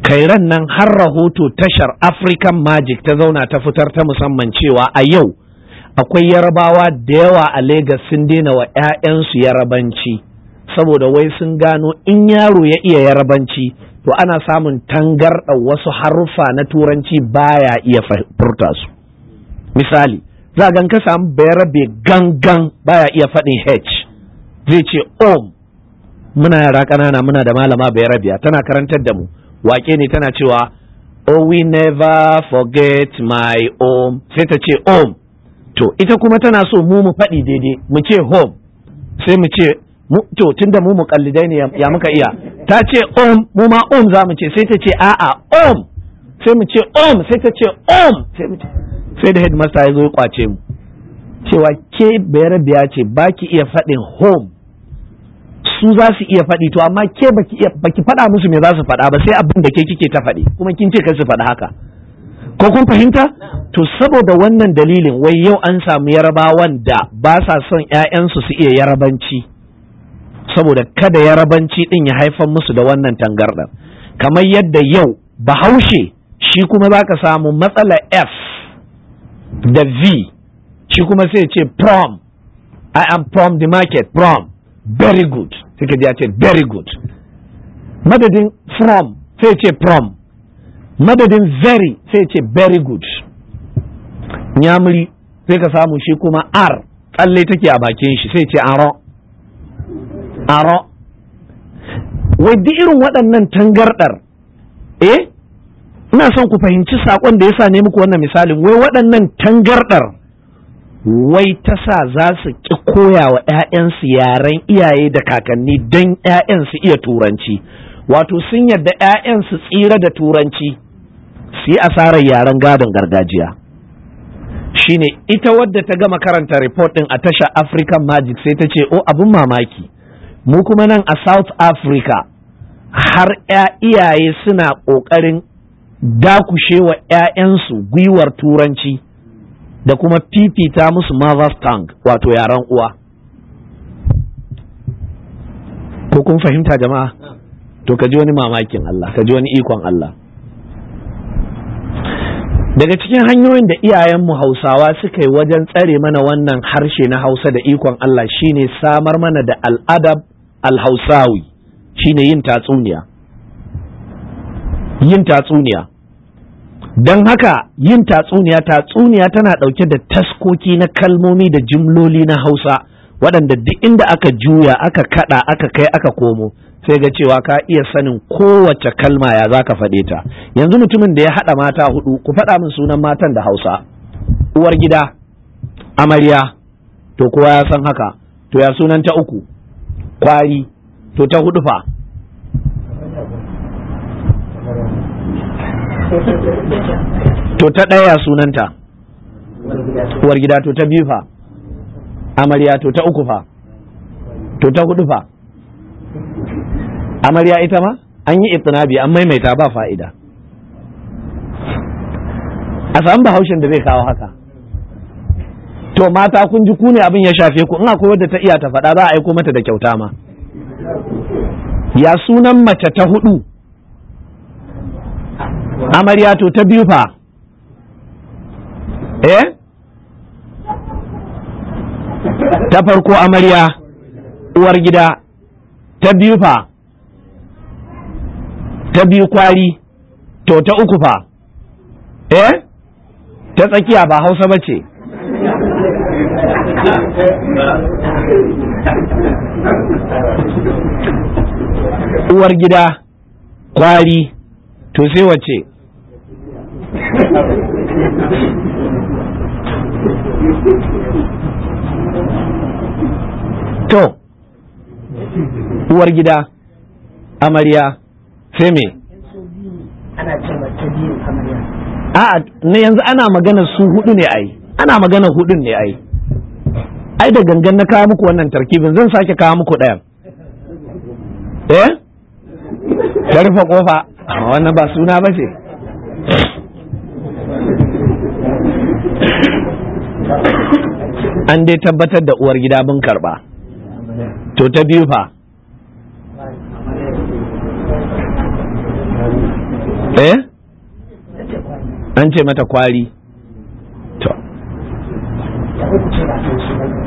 Speaker 1: Kai ran nan har rahoto tashar african magic ta zauna ta fitar ta musamman cewa a yau akwai yarabawa da yawa a Legas sun daina wa 'ya'yansu yarabanci saboda wai sun gano in yaro ya iya yarabanci to ana samun tangarɗa wasu haruffa na turanci baya iya furta su misali za gan ka samu bayarabe gangan baya iya faɗin h zai ce om muna yara ƙanana muna da malama bayarabiya tana karantar da mu wake ne tana cewa oh we never forget my om sai ta ce om to ita kuma tana so mu mu faɗi daidai mu ce home sai mu ce to tunda mu mu kallidai ne ya muka iya ta ce om mu ma om za mu ce sai ta ce a'a om sai mu ce om sai ta ce om sai mu ce sai da headmaster ya zo ya kwace mu cewa ke bayar biya ce baki iya faɗin home su za su iya faɗi to amma ke baki baki faɗa musu me za su faɗa ba sai abin da ke kike ta faɗi kuma kin ce kai su faɗa haka ko kun fahimta to saboda wannan dalilin wai yau an samu yarabawan da ba sa son ƴaƴansu su iya yarabanci saboda kada yarabanci din ya haifar musu da wannan tangarɗar kamar yadda yau bahaushe shi kuma za ka samu matsala f da v shi kuma sai ce prom i am from the market prom very good sai ka ce very good madadin from sai ce prom madadin very sai ce very good nyamuri sai ka samu shi kuma r tsalle take a bakin shi sai ce an aro wai duk irin waɗannan tangardar eh ina son ku fahimci saƙon da yasa ne muku wannan misalin wai waɗannan tangarɗar? wai ta sa za su ƙi koya wa 'ya'yansu yaren iyaye da kakanni don ƴaƴansu iya turanci wato sun yadda ƴaƴansu tsira da turanci su yi asarar yaren gadon gargajiya shine ita wadda ta gama karanta report ɗin a tasha African Magic sai ta ce o oh, abin mamaki mu kuma nan a south africa har iyaye suna ƙoƙarin dakushewa 'ya'yansu gwiwar turanci da kuma fifita musu mother's tongue wato yaren uwa ko kun fahimta jama'a to ka ji wani mamakin Allah ka ji wani ikon Allah daga cikin hanyoyin da iyayenmu hausawa suka yi wajen tsare mana wannan harshe na hausa da ikon Allah shine samar mana da al'adab alhausawi shine yin tatsuniya yin tatsuniya don haka yin tatsuniya tatsuniya tana ɗauke da taskoki na kalmomi da jimloli na hausa waɗanda duk inda aka juya aka kaɗa aka kai aka komo sai ga cewa ka iya sanin kowace kalma ya za ka faɗe ta yanzu mutumin da ya haɗa mata hudu ku faɗa min sunan matan da hausa uwar gida amarya to kowa ya san haka to ya sunan uku kwari to ta hudu fa to ta ɗaya sunanta uwar gida to ta biyu fa amarya to ta uku fa to ta hudu fa amarya ita ma an yi itinabi an maimaita ba fa'ida a samu bahaushen da zai kawo haka to mata kun ji ku ne abin ya shafe ku in akwai wadda ta iya ta faɗa za a aiko mata da kyauta ma ya sunan mace ta hudu amarya to ta biyu fa eh ta farko amarya uwar gida ta biyu fa ta biyu kwari to ta uku fa eh ta tsakiya ba hausa ba ce uwar gida kwari to sai wace to uwar gida amarya sai me ana biyu amarya a'a ne yanzu ana magana su hudu ne ai ana magana hudun ne ai ai da gangan na kawo muku wannan tarkibin zan sake kawo muku ɗaya eh ta rufe kofa wannan ba suna ba ce an dai tabbatar da uwar gida mun karba to ta biyu fa eh an ce mata kwari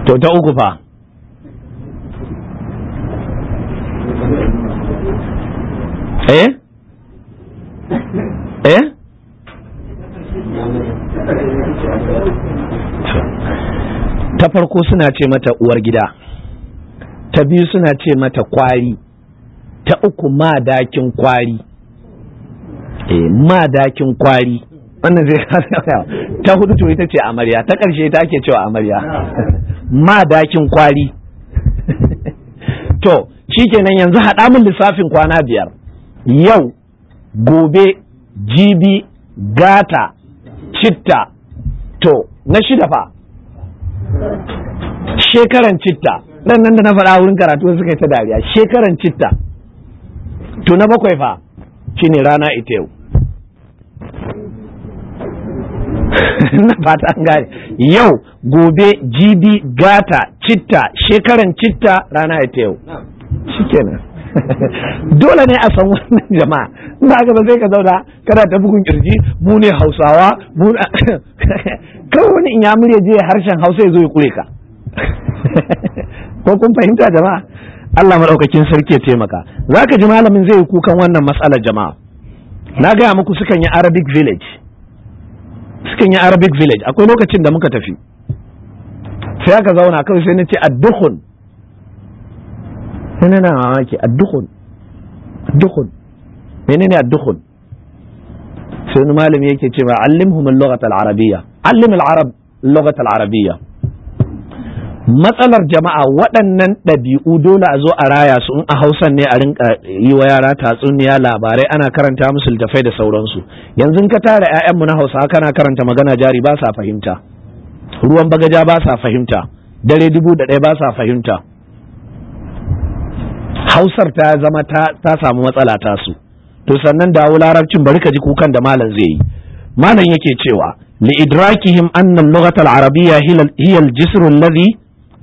Speaker 1: to ta uku fa eh eh ta farko suna ce mata uwar gida ta biyu suna ce mata kwari ta uku madakin kwari eh madakin kwari wannan zai ta hudu to ita ce amarya ta ƙarshe ta ke cewa amarya Madakin dakin kwari to shikenan yanzu haɗa min lissafin kwana biyar yau gobe jibi gata citta to na shida fa shekaran citta ɗan nan da na faɗa wurin karatu suka kai ta dariya shekaran citta to na bakwai fa shine rana ita yau na fata an gane yau gobe jibi gata citta shekaran citta rana ya ta yau shikenan dole ne a san wannan jama'a ba ka sai ka zauna kana ta bugun kirji mu ne hausawa mu kawai wani in ya murya je harshen hausa ya zo ya kure ka ko kun fahimta jama'a Allah maɗaukakin sarki ya taimaka za ka ji malamin zai yi kukan wannan matsalar jama'a na gaya muku sukan yi arabic village sukan yi arabic village akwai lokacin da muka tafi sai aka zauna kawai sai na ce adduhun sai na mamaki adduhun menene adduhun sai wani malami yake ce ma allimhum al-lughat al-arabiyya allim al-arab al-lughat al-arabiyya matsalar jama'a waɗannan ɗabi'u dole a zo a raya su in a hausan ne a rinka yi wa yara tatsuniya labarai ana karanta musu littafai da sauransu yanzu ka tara ƴaƴanmu na hausa kana karanta magana jari ba sa fahimta ruwan bagaja ba sa fahimta dare dubu da ɗaya ba sa fahimta hausar ta zama ta samu matsala ta su to sannan dawo larabcin bari ka ji kukan da malam zai yi malam yake cewa li idrakihim anna al-lughata al-arabiyya hiya al-jisr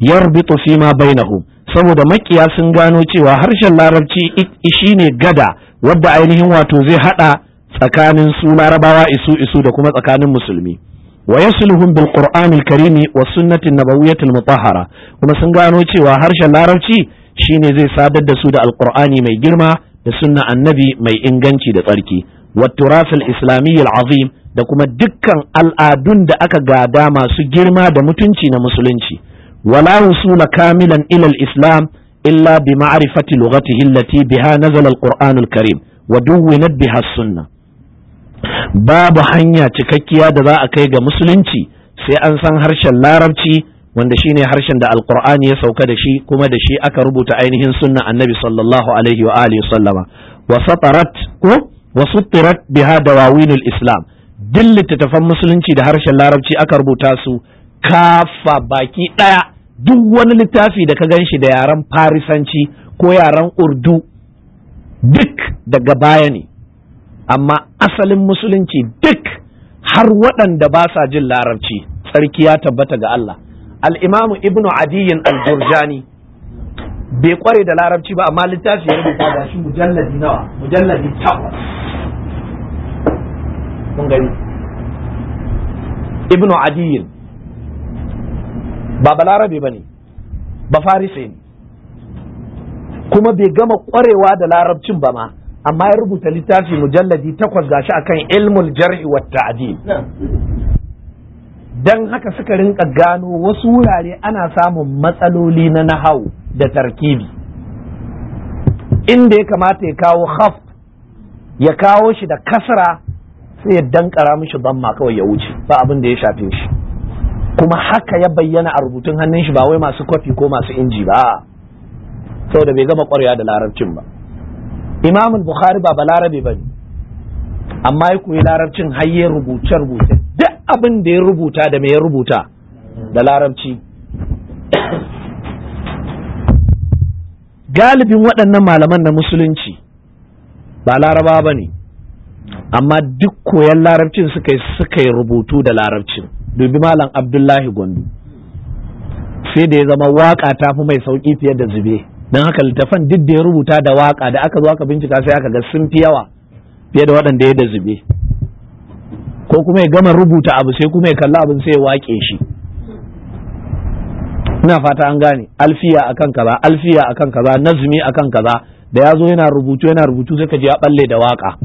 Speaker 1: yarbitu fi ma bainahum saboda makiya sun gano cewa harshen larabci shine gada wadda ainihin wato zai hada tsakanin su larabawa isu isu da kuma tsakanin musulmi wa yasluhum bil al karimi wa sunnatin nabawiyyatil mutahhara kuma sun gano cewa harshen larabci shine zai sadar da su da alqur'ani mai girma da sunna annabi mai inganci da tsarki wa turasil islamiyyil azim da kuma dukkan al'adun da aka gada masu girma da mutunci na musulunci wala husula kamilan ilal islam illa bi ma'rifati lughatihi hilati biha nazala al-qur'an karim wa duwwinat biha as babu hanya cikakkiya da za a kai ga musulunci sai an san harshen larabci wanda shine harshen da alkur'ani ya sauka da shi kuma da shi aka rubuta ainihin sunna annabi sallallahu alaihi wa alihi wa satarat ko wa sutirat biha dawawinul islam duk littattafan musulunci da harshen larabci aka rubuta su kafa baki ɗaya duk wani littafi da ka gan shi da yaren farisanci ko yaren urdu duk daga baya ne amma asalin musulunci duk har waɗanda ba sa jin larabci tsarki ya tabbata ga Allah al'imamu ibnu adiyin al-jurjani bai kware da larabci ba amma littafi ya rubuta da shi mujalladi nawa mujalladi takwas ibn ibnu adiyin ba balarabe ba ne ba farise ne kuma bai gama kwarewa da larabcin ba ma amma ya rubuta littafi mujalladi takwas ga gashi akan ilmul jar'i wa ta'dil dan haka suka rinka gano wasu wurare ana samun matsaloli na nahau da tarkibi inda ya kamata ya kawo haf ya kawo shi da kasra sai ya dankara mishi ma kawai ya wuce ba abin da ya shafe shi kuma haka ya bayyana a rubutun hannun shi ba wai masu kwafi ko masu inji ba saboda bai gama ƙwarya da larabcin ba imamul bukhari ba balarabe ba ne amma ya koyi larabcin hayye rubuce rubuce duk abin da ya rubuta da mai ya rubuta da larabci galibin waɗannan malaman na musulunci ba laraba ba ne amma duk koyan larabcin suka yi rubutu da larabcin dubi malam abdullahi gwandu sai da ya zama waka ta fi mai sauki fiye da zube don haka littafan duk da ya rubuta da waka da aka zo aka bincika sai aka ga sun fi yawa fiye da waɗanda ya da zube ko kuma ya gama rubuta abu sai kuma ya kalla abin sai ya wake shi ina fata an gane alfiya akan kaza alfiya akan kaza nazumi akan kaza da ya zo yana rubutu yana rubutu sai ka je ya ɓalle da waka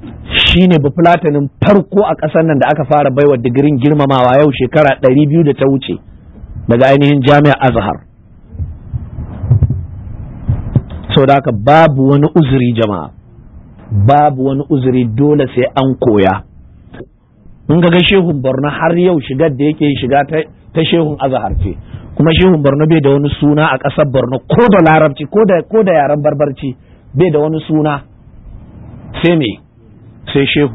Speaker 1: Shi shine bafulatanin farko a ƙasar nan da aka fara baiwa digirin girmamawa yau shekara ɗari biyu da ta wuce daga ainihin jami'ar azhar sau da haka babu wani uzuri jama'a babu wani uzuri dole sai an koya mun ga shehun borno har yau shigar da yake shiga ta shehun azahar ce kuma shehun borno bai da wani suna a ƙasar borno ko da larabci ko da yaren barbarci bai da wani suna sai me sai shehu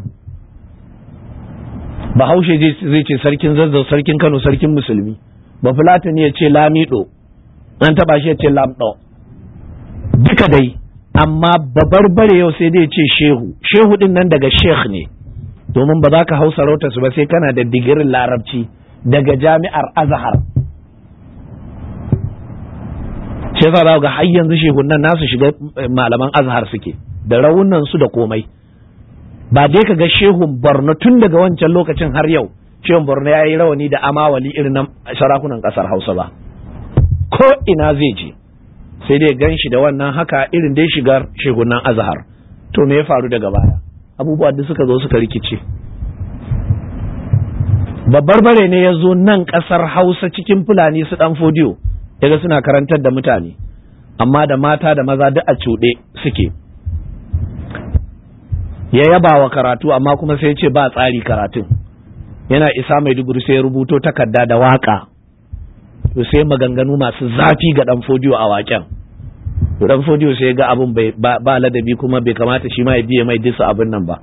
Speaker 1: bahaushe zai ce sarkin zazzau sarkin kano sarkin musulmi ba fulatani ya ce lamido an taba shi ya ce lamdo duka dai amma babarbare yau sai dai ce shehu shehu din nan daga sheikh ne domin ba za ka hau sarautarsu ba sai kana da digirin larabci daga jami'ar azhar shi ga har yanzu nan nasu shiga malaman azhar suke da raunan su da komai ba dai ka ga shehun borno tun daga wancan lokacin har yau shehun borno ya yi rawani da amawali irin na sarakunan ƙasar hausa ba ko ina zai je sai dai gan shi da wannan haka irin dai shigar shegunan azahar to me ya faru daga baya abubuwa da suka zo suka rikice babbar bare ne ya zo nan ƙasar hausa cikin fulani su dan fodiyo yaga suna karantar da mutane amma da mata da maza duk a cuɗe suke ya yaba wa karatu amma kuma sai ce ba tsari karatun yana isa mai maiduguri sai ya rubuto takarda da waka to sai maganganu masu zafi ga dan fodiyo a waken to dan fodiyo sai ga abin ba ladabi kuma bai kamata shi ma ya biye mai disa abin nan ba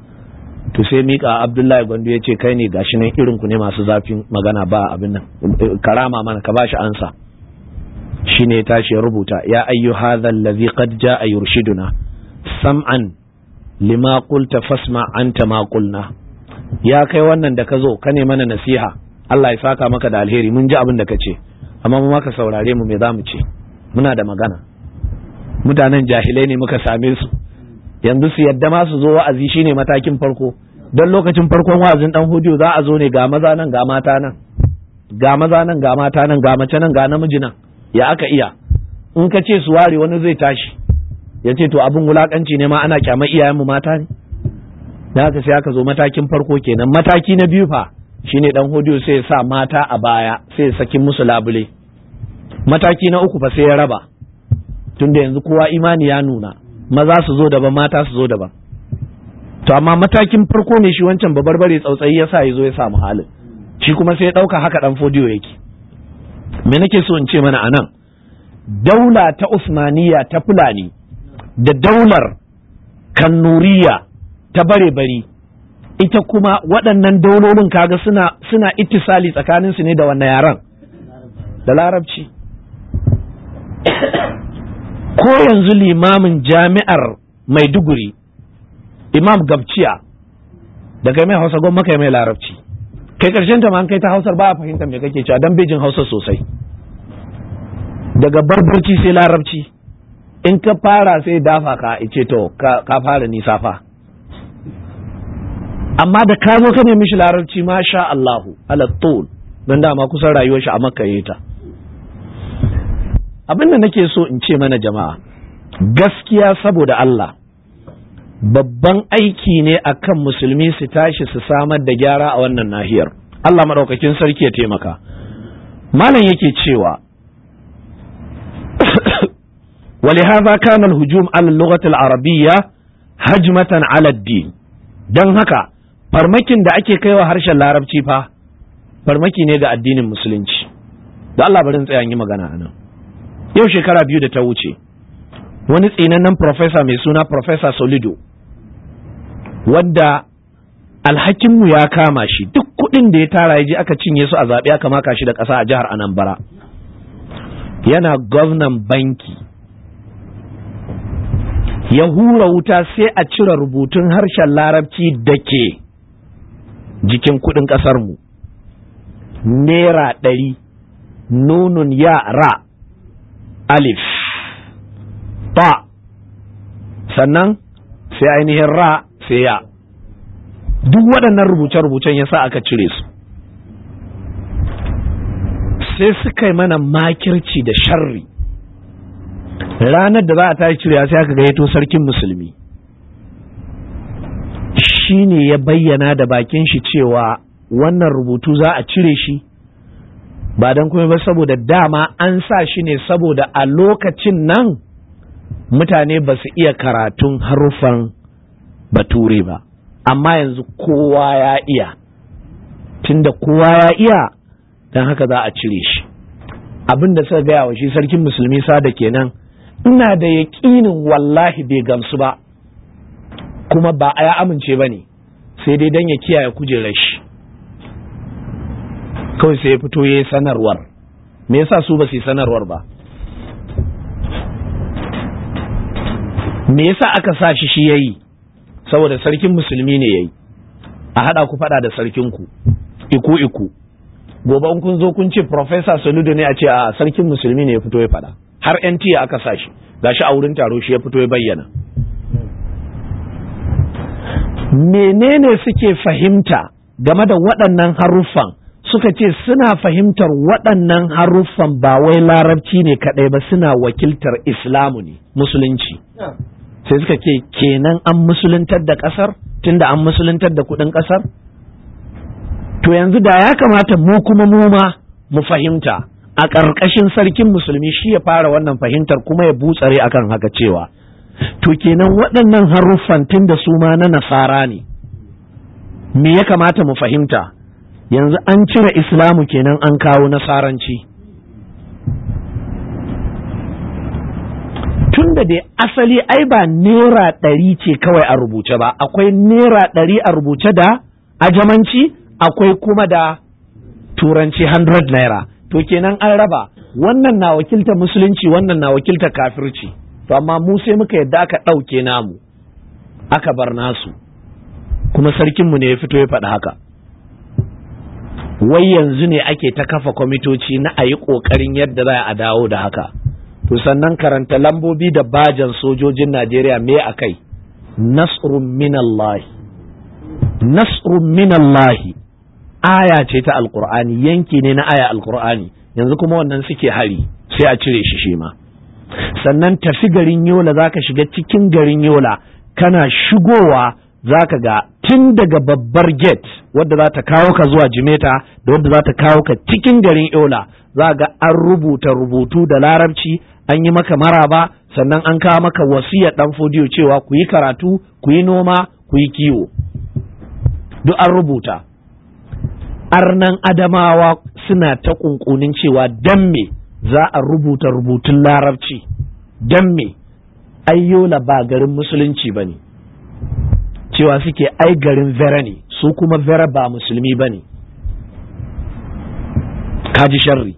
Speaker 1: to sai mika abdullahi gwandu ya ce kai ne gashi nan irin ku ne masu zafin magana ba abin nan karama mana ka bashi ansa shine ya tashi ya rubuta ya ayyu hadha allazi qad jaa yurshiduna sam'an lima kulta fasma anta ma kulna ya kai wannan da ka zo ka ne mana nasiha Allah ya saka maka da alheri mun ji abin da ka ce amma mu maka saurare mu me za mu ce muna da magana mutanen jahilai ne muka same su yanzu su yadda ma su zo wa'azi shine matakin farko don lokacin farkon wa'azin dan hudu za a zo ne ga maza nan ga mata nan ga maza nan ga mata nan ga mace nan ga namiji nan ya aka iya in ka ce su ware wani zai tashi ya ce to abin wulakanci ne ma ana kyamar iyayenmu mata ne da haka sai aka zo matakin farko kenan mataki na biyu fa shine dan hodiyo sai ya sa mata a baya sai ya saki musu labule mataki na uku fa sai ya raba tunda yanzu kowa imani ya nuna maza su zo daban mata su zo daban to amma matakin farko ne shi wancan babarbare tsautsayi ya sa ya zo ya samu halin shi kuma sai ya ɗauka haka ɗan fodiyo yake me nake so in ce mana anan daula ta usmaniya ta fulani da daular kannuriya ta bare bari ita kuma waɗannan daulolin kaga suna suna ittisali tsakanin su ne da wannan yaran da larabci ko yanzu limamin jami'ar maiduguri imam gabciya da kai mai hausa gwamma kai mai larabci kai karshen ta an kai ta hausar ba a fahimta me kake cewa dan bejin hausa sosai daga barbarci sai larabci in ka fara sai dafa ka ice to ka fara nisa fa amma da ka zo ka nemi shi larabci ma sha Allahu ala don dama kusan rayuwar shi a makka ta abin da nake so in ce mana jama'a gaskiya saboda Allah babban aiki ne akan musulmi su tashi su samar da gyara a wannan nahiyar Allah maɗaukakin sarki ya taimaka malam yake cewa ولهذا كان الهجوم على اللغة العربية هجمة على الدين don haka farmakin da ake kaiwa harshen larabci fa farmaki ne ga addinin musulunci da Allah barin tsayan yi magana a nan yau shekara biyu da ta wuce wani tsinannen profesa mai suna profesa solido wadda alhakinmu ya kama shi duk kuɗin da ya tara ya je aka cinye su a zaɓe aka maka shi da ƙasa a jihar Anambara, yana gwamnan banki ya hura wuta sai a cire rubutun harshen larabci da ke jikin kudin mu. Nera ɗari nunun yara alif ba sannan sai ainihin ra sai ya duk waɗannan rubuce-rubucen ya sa aka cire su sai suka yi mana makirci da sharri ranar da za a tashi cirewa sai aka gaito sarkin musulmi shi ne ya bayyana da bakin shi cewa wannan rubutu za a cire shi ba don kuma ba saboda dama an sa shi ne saboda a lokacin nan mutane ba su iya karatun haruffan bature ba amma yanzu kowa ya iya tunda kowa ya iya don haka za a cire shi abin da suka gaya wa shi sarkin musulmi sada kenan ina da yaƙinin wallahi bai gamsu ba kuma ba a ya amince ba ne sai dai don ya kiyaye kujerar shi kawai sai ya fito ya yi sanarwar me yasa su ba su yi sanarwar ba me yasa aka sa shi shi ya yi saboda sarkin musulmi ne ya yi? a hada ku fada da sarkin ku iku iku gobe in kun zo kun ce professor Saludo ne a ce a sarkin musulmi ne ya fito ya faɗa. har NT aka sa shi gashi a wurin taro shi ya fito ya bayyana menene suke fahimta game da waɗannan haruffan suka ce suna fahimtar waɗannan haruffan ba wai larabci ne kaɗai ba suna wakiltar islamu ne musulunci sai suka ce kenan an musuluntar da ƙasar tunda an musuluntar da kuɗin ƙasar to yanzu da ya kamata mu kuma mu ma mu fahimta a ƙarƙashin sarkin musulmi shi ya fara wannan fahimtar kuma ya butsare akan haka cewa to kenan waɗannan haruffan tun da su ma na nasara ne me ya kamata mu fahimta yanzu an cire islamu kenan an kawo nasaranci tun da dai asali ai ba nera ɗari ce kawai a rubuce ba akwai nera ɗari a rubuce da ajamanci akwai kuma da turanci 100 naira to kenan an raba wannan na wakilta musulunci wannan na wakilta kafirci to amma mu sai muka yadda aka ɗauke namu aka bar nasu kuma sarkinmu ne ya fito ya faɗi haka wai yanzu ne ake ta kafa kwamitoci na a yi ƙoƙarin yadda za a dawo da haka to sannan karanta lambobi da bajan sojojin najeriya me a kai nasrun minallahi nasrun minallahi aya ce ta alkur'ani yanki ne na aya alkur'ani yanzu kuma wannan suke hari sai a cire shi shima sannan tafi garin yola zaka shiga cikin garin yola kana shigowa zaka ga tun daga babbar gate wadda za ta kawo ka zuwa jimeta da wadda za ta kawo ka cikin garin yola za ga an rubuta rubutu da larabci an yi maka maraba sannan an kawo maka wasiya dan fodiyo cewa ku yi karatu ku yi noma ku yi kiwo duk an rubuta arnan adamawa suna ta kunkunin cewa dan me za a rubuta rubutun larabci dan me ayyola ba garin musulunci ba ne cewa suke ai garin vera ne su kuma vera ba musulmi ba ne kaji sharri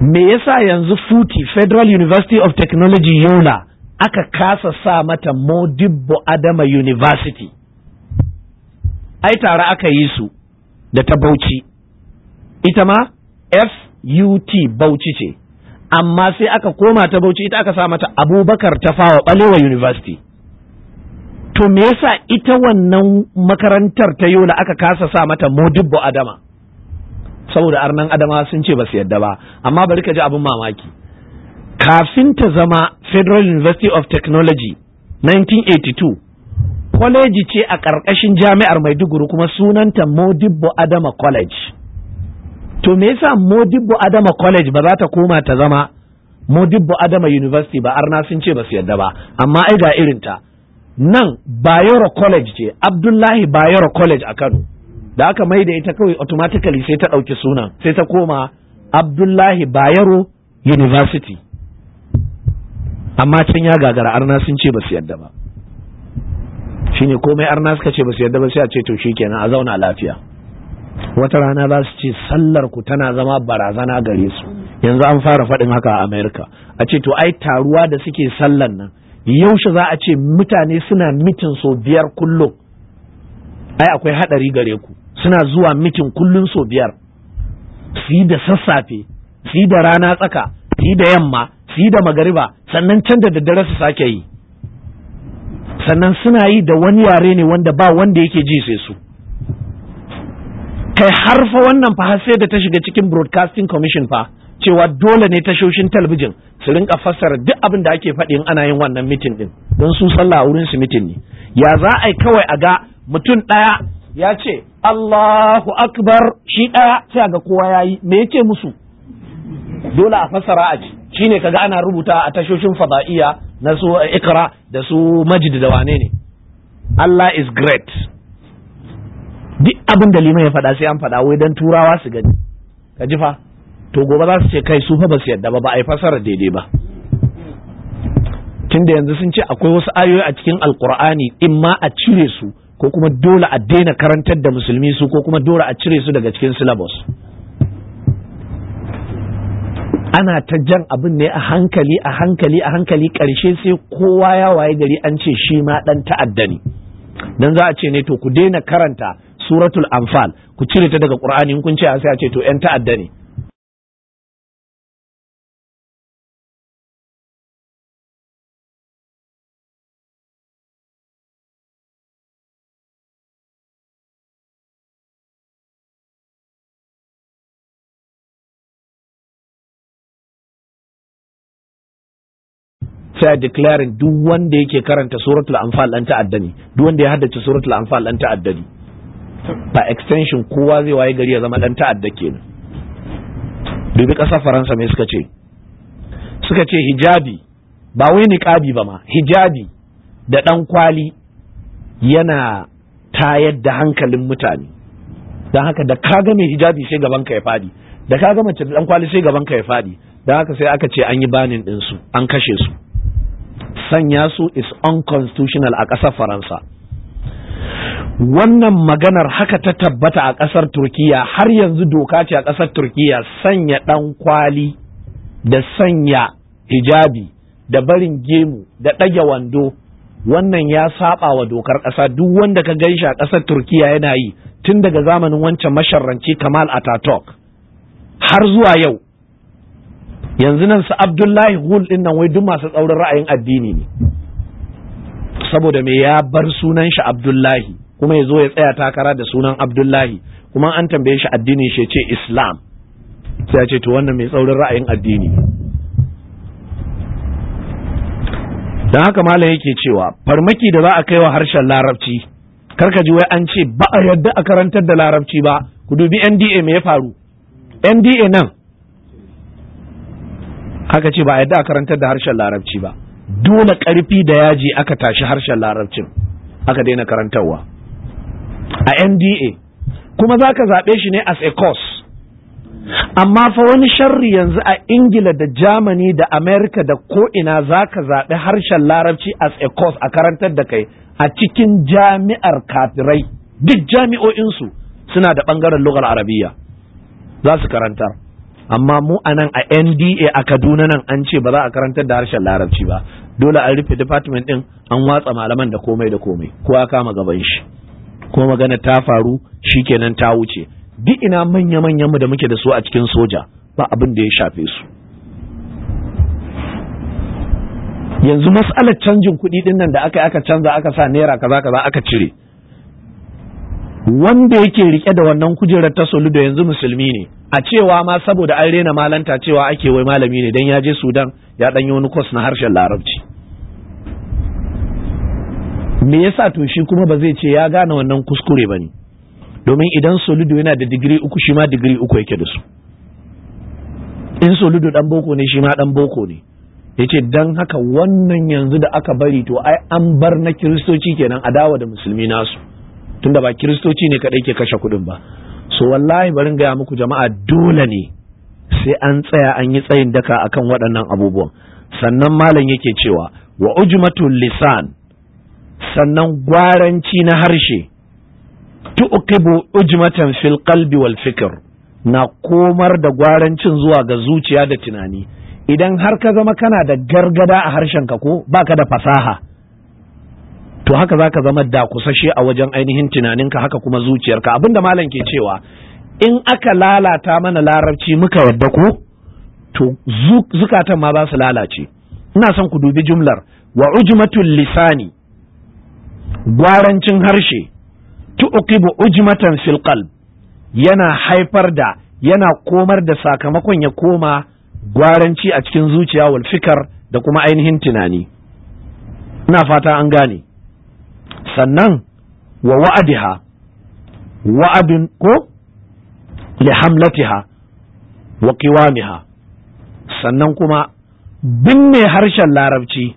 Speaker 1: me yasa yanzu futi federal university of technology yola aka kasa sa mata modibbo adama university ai tare aka yi su da ta bauchi ita ma f FUT bauchi ce amma sai aka koma ta bauchi ita aka sa mata abubakar ta fawa balewa university to me yasa ita wannan makarantar ta yola aka kasa sa mata modibbo adama saboda arnan adama sun ce ba su yadda ba amma bari ka ji abin mamaki kafin ta zama federal university of technology 1982 kwaleji ce a ƙarƙashin jami'ar maiduguri kuma sunanta modibbo adama college to me yasa modibbo adama college ba za ta koma ta zama modibbo adama university ba arna sun ce ba su yadda ba amma ai ga irinta nan bayero college ce abdullahi bayero college a kano da aka mai da ita kawai automatically sai ta ɗauki sunan sai ta koma abdullahi bayero university amma can ya gagara arna sun ce ba su yadda ba shine komai arna suka ce ba su yarda ba sai a ce to shikenan a zauna lafiya wata rana za su ce sallar ku tana zama barazana gare su yanzu an fara faɗin haka a america a ce to ai taruwa da suke sallar nan yaushe za a ce mutane suna mitin so biyar kullum ai akwai haɗari gare ku suna zuwa mitin kullum so biyar su yi da sassafe su yi da rana tsaka su yi da yamma su yi da magariba sannan can da daddare su sake yi sannan suna yi da wani yare ne wanda ba wanda yake ji sai su kai har fa wannan fa sai da ta shiga cikin broadcasting commission fa cewa dole ne tashoshin talabijin su rinka fassara duk abin da ake faɗi in ana yin wannan mitin din don su sallah wurin su mitin ne ya za a yi kawai a ga mutum ɗaya ya ce Allahu akbar shi ɗaya sai ga kowa ya yi me yake musu dole a fassara a ci ne kaga ana rubuta a tashoshin fada'iya na su eh, ikra da su majid da wane ne Allah is great duk abin da liman ya faɗa sai an faɗa wai dan turawa su gani ka ji fa to gobe za su ce kai su fa ba su yadda ba ba a yi fasara daidai ba tunda yanzu sun ce akwai wasu ayoyi a cikin alkur'ani in ma a cire su ko kuma dole a daina karantar da musulmi su ko kuma dole a cire su daga cikin syllabus ana ta jan abin ne a hankali a hankali a hankali ƙarshe sai kowa ya waye gari an ce shi ma ɗan ta'adda ne dan za a ce ne to ku daina karanta suratul anfal ku cire ta daga qur'ani kun ce sai a ce to yan ta'adda ne sai declaring duk wanda yake karanta suratul anfal an ta'adda ne duk wanda ya haddace suratul anfal an ta'adda ne ba extension kowa zai waye gari ya zama dan ta'adda kenan dubi ƙasa faransa mai suka ce suka ce hijabi ba wai niqabi ba ma hijabi da dan kwali yana tayar da hankalin mutane dan haka da ka ga mai hijabi sai gaban ka ya fadi da ka ga mace da dan kwali sai gaban ka ya fadi da haka sai aka ce an yi banin ɗinsu an kashe su sanya su is unconstitutional a ƙasar faransa wannan maganar haka ta tabbata a ƙasar turkiya har yanzu doka ce a ƙasar turkiya sanya ɗan kwali da sanya hijabi da barin gemu da ɗage wando wannan ya saba wa dokar ƙasa duk wanda ka gan shi a ƙasar turkiya yana yi tun daga zamanin wancan masharranci kamal ataturk har zuwa yau yanzu nan su abdullahi hul din nan wai duk masu tsaurin ra'ayin addini ne saboda me ya bar sunan shi abdullahi kuma ya zo ya tsaya takara da sunan abdullahi kuma an tambaye shi addini shi ce islam sai ya ce to wannan mai tsaurin ra'ayin addini don haka malam yake cewa farmaki da za a kai wa harshen larabci karka ji wai an ce ba a yadda a karantar da larabci ba ku dubi nda me ya faru nda nan aka ce ba a yadda a karantar da harshen larabci ba dole karfi da yaji aka tashi harshen larabcin aka daina karantarwa a NDA. kuma za ka zaɓe shi ne as a course amma fa wani sharri yanzu a ingila da Jamani da Amerika da ko'ina za ka zaɓe harshen larabci as a course a karantar da kai a cikin jami'ar kafirai duk jami'o'insu suna da ɓangaren lugar arabiya za su karantar amma mu a nan a NDA a Kaduna nan an ce ba za a karantar da harshen larabci ba dole an rufe department din an watsa malaman da komai da komai ko kowa kama gaban shi ko magana ta faru shikenan ta wuce duk ina manya manyan mu da muke da su a cikin soja ba abin da ya shafe su yanzu mas'alar canjin kuɗi din nan da aka aka canza aka sa naira kaza kaza aka cire wanda yake rike da wannan kujerar ta da yanzu musulmi ne a cewa ma saboda an rena malanta cewa ake wai malami ne dan ya je sudan ya dan yi wani kwas na harshen larabci me yasa to shi kuma ba zai ce ya gane wannan kuskure ba ne domin idan soludo yana da digiri uku shi ma digiri uku yake da su in soludo dan boko ne shi ma dan boko ne Ya ce dan haka wannan yanzu da aka bari to ai an bar na kiristoci kenan a dawa da musulmi nasu tunda ba kiristoci ne kaɗai ke kashe kuɗin ba so wallahi barin gaya muku jama'a dole ne sai an tsaya an yi tsayin daka akan waɗannan abubuwan sannan malam yake cewa wa ujmatul lisan sannan gwaranci na harshe tu'qibu ujmatan fil qalbi wal fikr na komar da gwarancin zuwa ga zuciya da tunani idan har ka zama kana da gargada a harshenka ko baka da fasaha to haka za ka zama da kusashe a wajen ainihin tunaninka haka kuma zuciyarka abinda malam ke cewa in aka lalata mana larabci muka yadda ku to zukatan ma za su lalace ina son ku dubi jumlar wa ujmatul lisani gwarancin harshe tu'qibu ujmatan fil qalb yana haifar da yana komar da sakamakon ya koma gwaranci a cikin zuciya wal fikar da kuma ainihin tunani ina fata an gane sannan wa wa'adiha wa'adin ko li hamlatiha wa qiwamiha sannan kuma binne harshen larabci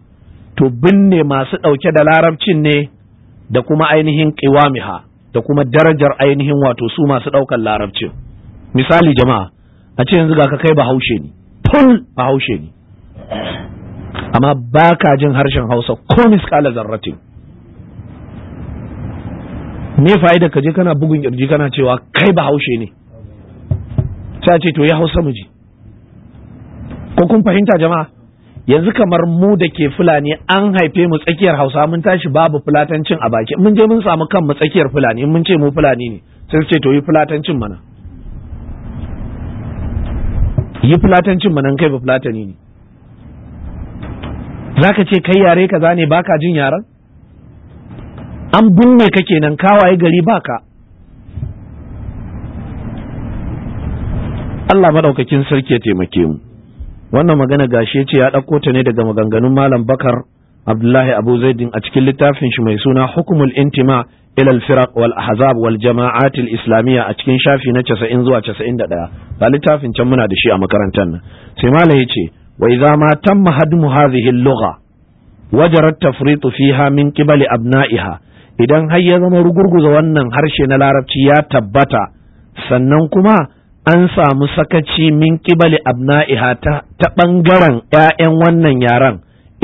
Speaker 1: to binne masu ɗauke da larabcin ne da kuma ainihin qiwamiha da kuma darajar ainihin wato su masu ɗaukar larabcin misali jama'a a ce yanzu ga ka kai bahaushe ne ful bahaushe ne amma ba ka jin harshen hausa ko miskala zarratin me fa'ida ka je kana bugun kirji kana cewa kai ba haushe ne ta ce to ya hausa mu ji ko kun fahimta jama'a yanzu kamar mu da ke fulani an haife mu tsakiyar hausa mun tashi babu fulatancin a baki mun je mun samu kan mu tsakiyar fulani mun ce mu fulani ne sai ce to yi fulatancin mana yi fulatancin mana kai ba fulatani ne zaka ce kai yare kaza ne baka jin yaren an binne ka kenan kawaye gari baka Allah maɗaukakin sarki ya taimake mu wannan magana gashi ce ya ɗauko ta ne daga maganganun malam bakar abdullahi abu zaidin a cikin littafin shi mai suna hukumul intima ilal firak wal ahzab wal jama'atil islamiyya a cikin shafi na 90 zuwa 91 ba littafin can muna da shi a makarantar nan sai malam yace wa idza ma tamma hadmu hadhihi al lugha wajarat tafritu fiha min qibali abna'iha idan har ya zama rugurguza wannan harshe na larabci ya tabbata sannan kuma an samu sakaci min kibali abna'iha ta ɓangaren 'ya'yan wannan yaran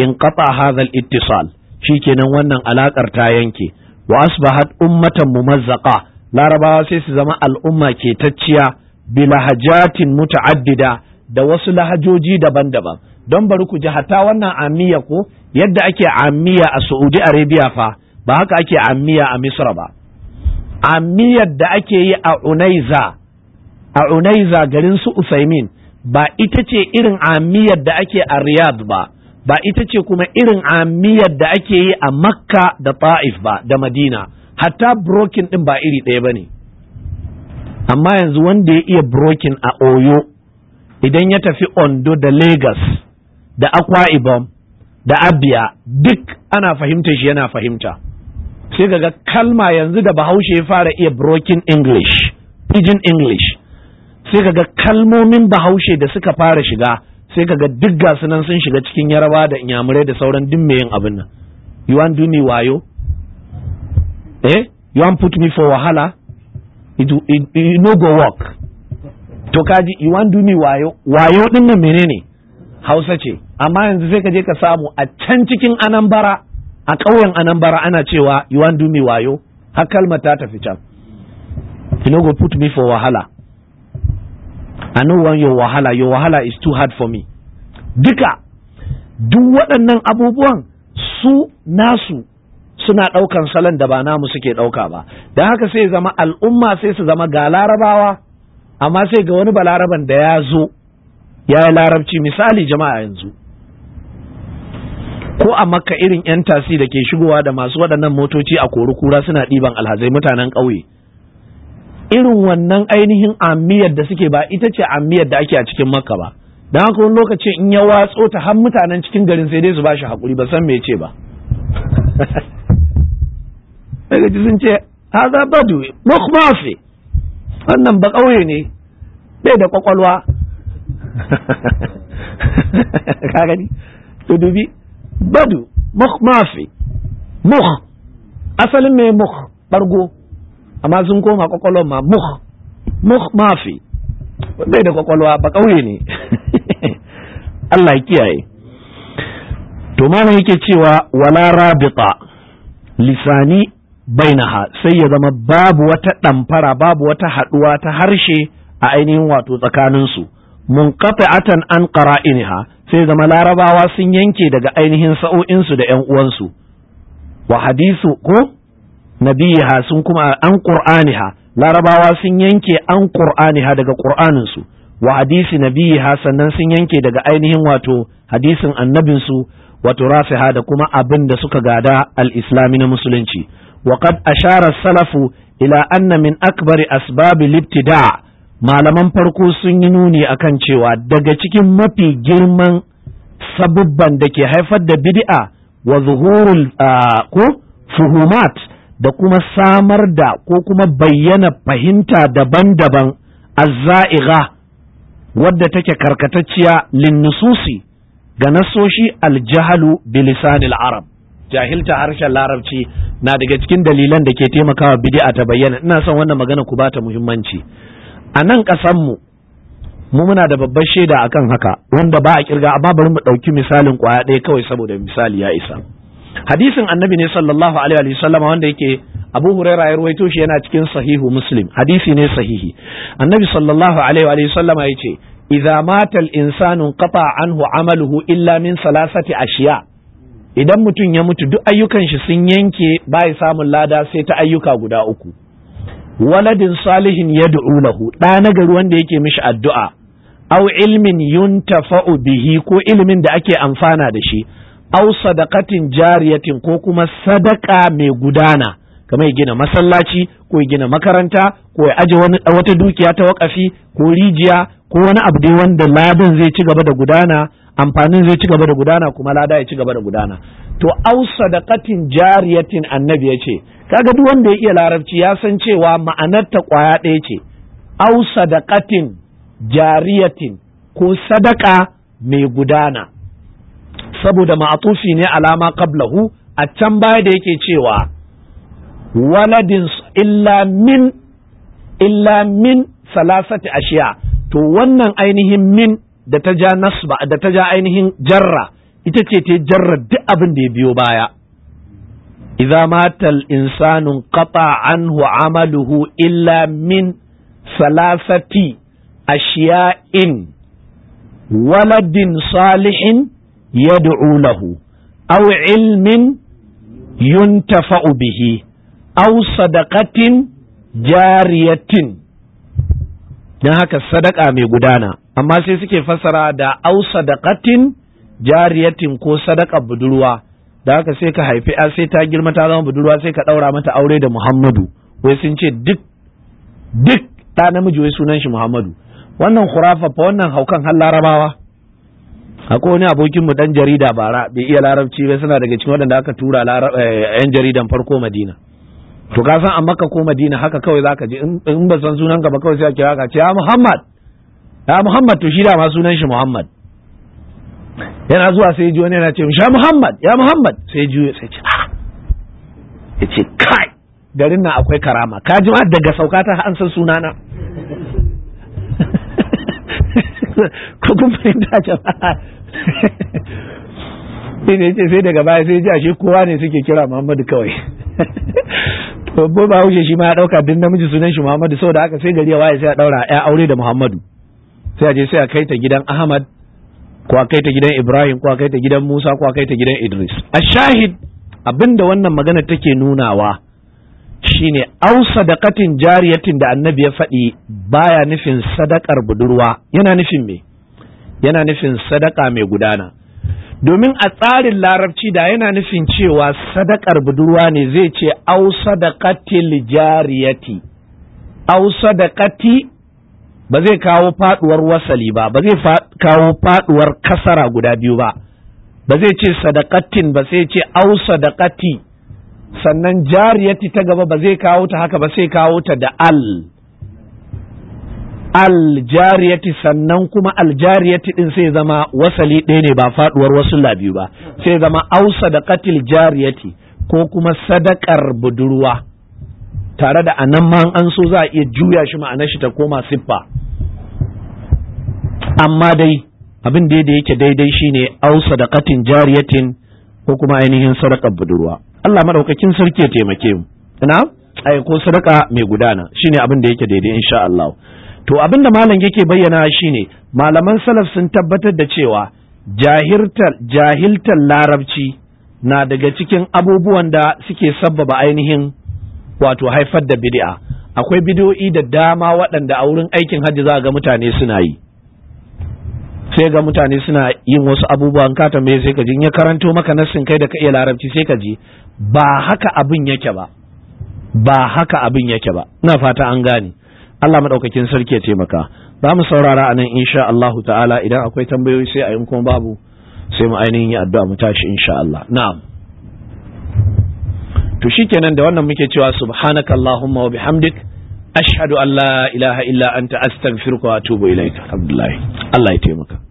Speaker 1: in kafa hazal ittisal shikenan wannan alaƙar ta yanke wa asbahat ummatan mumazzaqa larabawa sai su zama al'umma ke tacciya bi lahajatin muta'addida da wasu lahajoji daban-daban don bari ku ji hata wannan amiya ko yadda ake amiya a Saudi Arabia fa ba haka ake amiya a misra ba ammiyar da ake yi a unaiza a unaiza garin su usaimin ba ita ce irin ammiyar da ake a riyadh ba ba ita ce kuma irin ammiyar da ake yi a makka da ta'if ba da madina hatta brokin din ba iri ɗaya ba ne amma yanzu wanda ya iya brokin a oyo idan ya tafi ondo da lagos da akwa ibom da abia duk ana fahimta shi yana fahimta sai ga kalma yanzu da bahaushe ya fara iya broken english pidgin english sai kaga kalmomin bahaushe da suka fara shiga sai kaga duk gasu sun shiga cikin yaraba da inyamurai da sauran duk yin abin nan you want do me wayo eh you want put me for wahala it, it, no go work to kaji you want do me wayo wayo din nan menene hausa ce amma yanzu sai ka je ka samu a can cikin anambara a ƙauyen anambara ana cewa you want do me wayo har kalma ta tafi can you no go put me for wahala I no want your wahala your wahala is too hard for me duka duk waɗannan abubuwan su nasu suna ɗaukan salon da ba namu suke ɗauka ba da haka sai zama al'umma sai su zama ga larabawa amma sai ga wani balaraban da ya zo ya yi larabci misali jama'a yanzu ko a makka irin yan tasi da ke shigowa da masu waɗannan motoci a kori kura suna ɗiban alhazai mutanen ƙauye irin wannan ainihin amiyar da suke ba ita ce amiyar da ake a cikin makka ba don haka wani lokaci in ya watso ta har mutanen cikin garin sai dai su bashi hakuri ba san me ce ba daga sun ce haza badu mukmafi wannan ba ƙauye ne bai da kwakwalwa ka gani to dubi badu mukh mafi mukh asalin mai mukh bargo amma sun koma kwakwalwa ma mukh mukh mafi bai da kwakwalwa ba kauye ne Allah ya kiyaye to malam yake cewa wala rabita lisani bainaha sai ya zama babu wata ɗamfara babu wata haɗuwa ta harshe a ainihin wato tsakaninsu atan an qara'iniha sai zama larabawa sun yanke daga ainihin sa'o'insu da ƴan uwansu wa hadisu ko nabiha sun kuma an qur'aniha larabawa sun yanke an qur'aniha daga ƙur'aninsu. wa hadisi nabiha sannan sun yanke daga ainihin wato hadisin annabinsu wato rasiha da kuma abin da suka gada al-islami na musulunci wa qad ashara salafu ila anna min akbari asbabi libtida' malaman farko sun yi nuni akan cewa daga cikin mafi girman sabubban da ke haifar da bid'a wa zuhurul ko fuhumat da kuma samar da ko kuma bayyana fahimta daban-daban azza'iga wadda take karkatacciya linnususi ga nasoshi aljahalu bilisanil arab jahilta harshen larabci na daga cikin dalilan da ke taimakawa bid'a ta bayyana ina son wannan magana ku bata muhimmanci a nan ƙasanmu mu muna da babbar shaida akan haka wanda ba a kirga amma bari mu ɗauki misalin ƙwaya ɗaya kawai saboda misali ya isa hadisin annabi ne sallallahu alaihi wa sallam wanda yake abu huraira ya ruwaito shi yana cikin sahihu muslim hadisi ne sahihi annabi sallallahu alaihi wa sallam ya ce idza mata al insanu qata anhu amaluhu illa min salasati ashiya idan mutum ya mutu duk ayyukan shi sun yanke bai samun lada sai ta ayyuka guda uku waladin salihin ya yad'u lahu na nagari wanda yake mishi addu'a au ilmin yuntafa'u bihi ko ilimin da ake amfana da shi au sadakatin jariyatin ko kuma sadaka mai gudana kamar ya gina masallaci ko ya gina makaranta ko ya aje wata dukiya ta waƙafi ko rijiya ko wani abu dai wanda ladin zai ci gaba da gudana amfanin zai ci gaba da gudana kuma lada ya ci gaba da gudana to au sadakatin jariyatin annabi ya ce kaga duk wanda ya iya larabci ya san cewa ta kwaya ɗaya ce au sadakatin jariyatin ko sadaka mai gudana saboda ma'atufi ne alama qablahu a can baya da yake cewa waladin illa min illa min salasati ashiya to wannan ainihin min da ta ja nasba da ta ja ainihin jarra ita ce ta jarra duk abin da ya biyo baya idza matal insanu qata anhu amaluhu illa min salasati ashiya'in waladin salihin yad'u lahu aw ilmin yuntafa'u bihi aw sadaqatin jariyatin don haka sadaka mai gudana amma sai suke fasara da au sadakatin jariyatin ko sadaka budurwa da haka sai ka haifi a sai ta girma ta zama budurwa sai ka ɗaura mata aure da Muhammadu wai sun ce duk duk ta namiji wai sunan shi Muhammadu wannan kurafa fa wannan haukan har larabawa akwai wani abokin mu dan jarida bara bai iya larabci ba suna daga cikin waɗanda aka tura eh, yan jaridan farko Madina to ka san a makka ko madina haka kawai zaka ji in ba san sunan ka ba kawai sai a kira ka ce ya muhammad ya muhammad to shi da ma sunan shi muhammad yana zuwa sai ji wani yana ce ya muhammad ya muhammad sai ya sai ce ah ya ce kai garin nan akwai karama ka ji daga sauka ta an san sunana ko kun fahimta jama'a ba ne ce sai daga baya sai ji shi kowa ne suke kira muhammadu kawai babba ba wuce shi ma ya ɗauka duk namiji sunan shi Muhammadu saboda haka sai gari ya waye sai ya daura ya aure da Muhammadu sai a je sai a kai ta gidan Ahmad ko a kai ta gidan Ibrahim ko a kai ta gidan Musa ko a kai ta gidan Idris a shahid abinda wannan magana take nunawa shine au katin jariyatin da annabi ya faɗi baya nufin sadakar budurwa yana nufin me yana nufin sadaka mai gudana domin a tsarin larabci da yana nufin cewa sadakar budurwa ne zai ce au sadakatil jariyati au sadakati ba zai kawo faduwar wasali ba ba zai kawo faduwar kasara guda biyu ba ba zai ce sadakatin ba sai ce au sadakati sannan jariyati ta gaba ba zai kawo ta haka ba sai kawo ta da al aljariyati sannan kuma aljariyati din sai zama wasali ɗaya ne ba faɗuwar wasu labiyu ba sai zama ausa da katil jariyati ko kuma sadakar budurwa tare da anan ma an so za a iya juya shi ma'ana shi ta koma siffa amma dai abin da yake daidai shine da katin jariyatin ko kuma ainihin sadakar budurwa Allah madaukakin sarki ya taimake mu ina ai ko sadaka mai gudana shine abin da yake daidai insha Allah to abin da malam yake bayyana shine malaman salaf sun tabbatar da cewa jahiltar larabci na daga cikin abubuwan da suke sabbaba ainihin wato haifar da bid'a akwai bidiyo'i da dama waɗanda a wurin aikin hajji za ga mutane suna yi sai ga mutane suna yin wasu abubuwan ka tambaye sai ka ji ya karanto maka nassin kai da ka iya larabci sai ka ji ba haka abin yake ba ba haka abin yake ba ina fata an gane Allah maɗaukakin sarki ya taimaka za mu saurara a nan insha Allah ta'ala idan akwai tambayoyi sai a yi kuma babu sai mu ainihin yi addu'a mu tashi insha Allah na'am to shikenan da wannan muke cewa subhanaka allahumma wa bihamdik ashhadu an la ilaha illa anta astaghfiruka wa atubu ilaik alhamdulillah Allah ya taimaka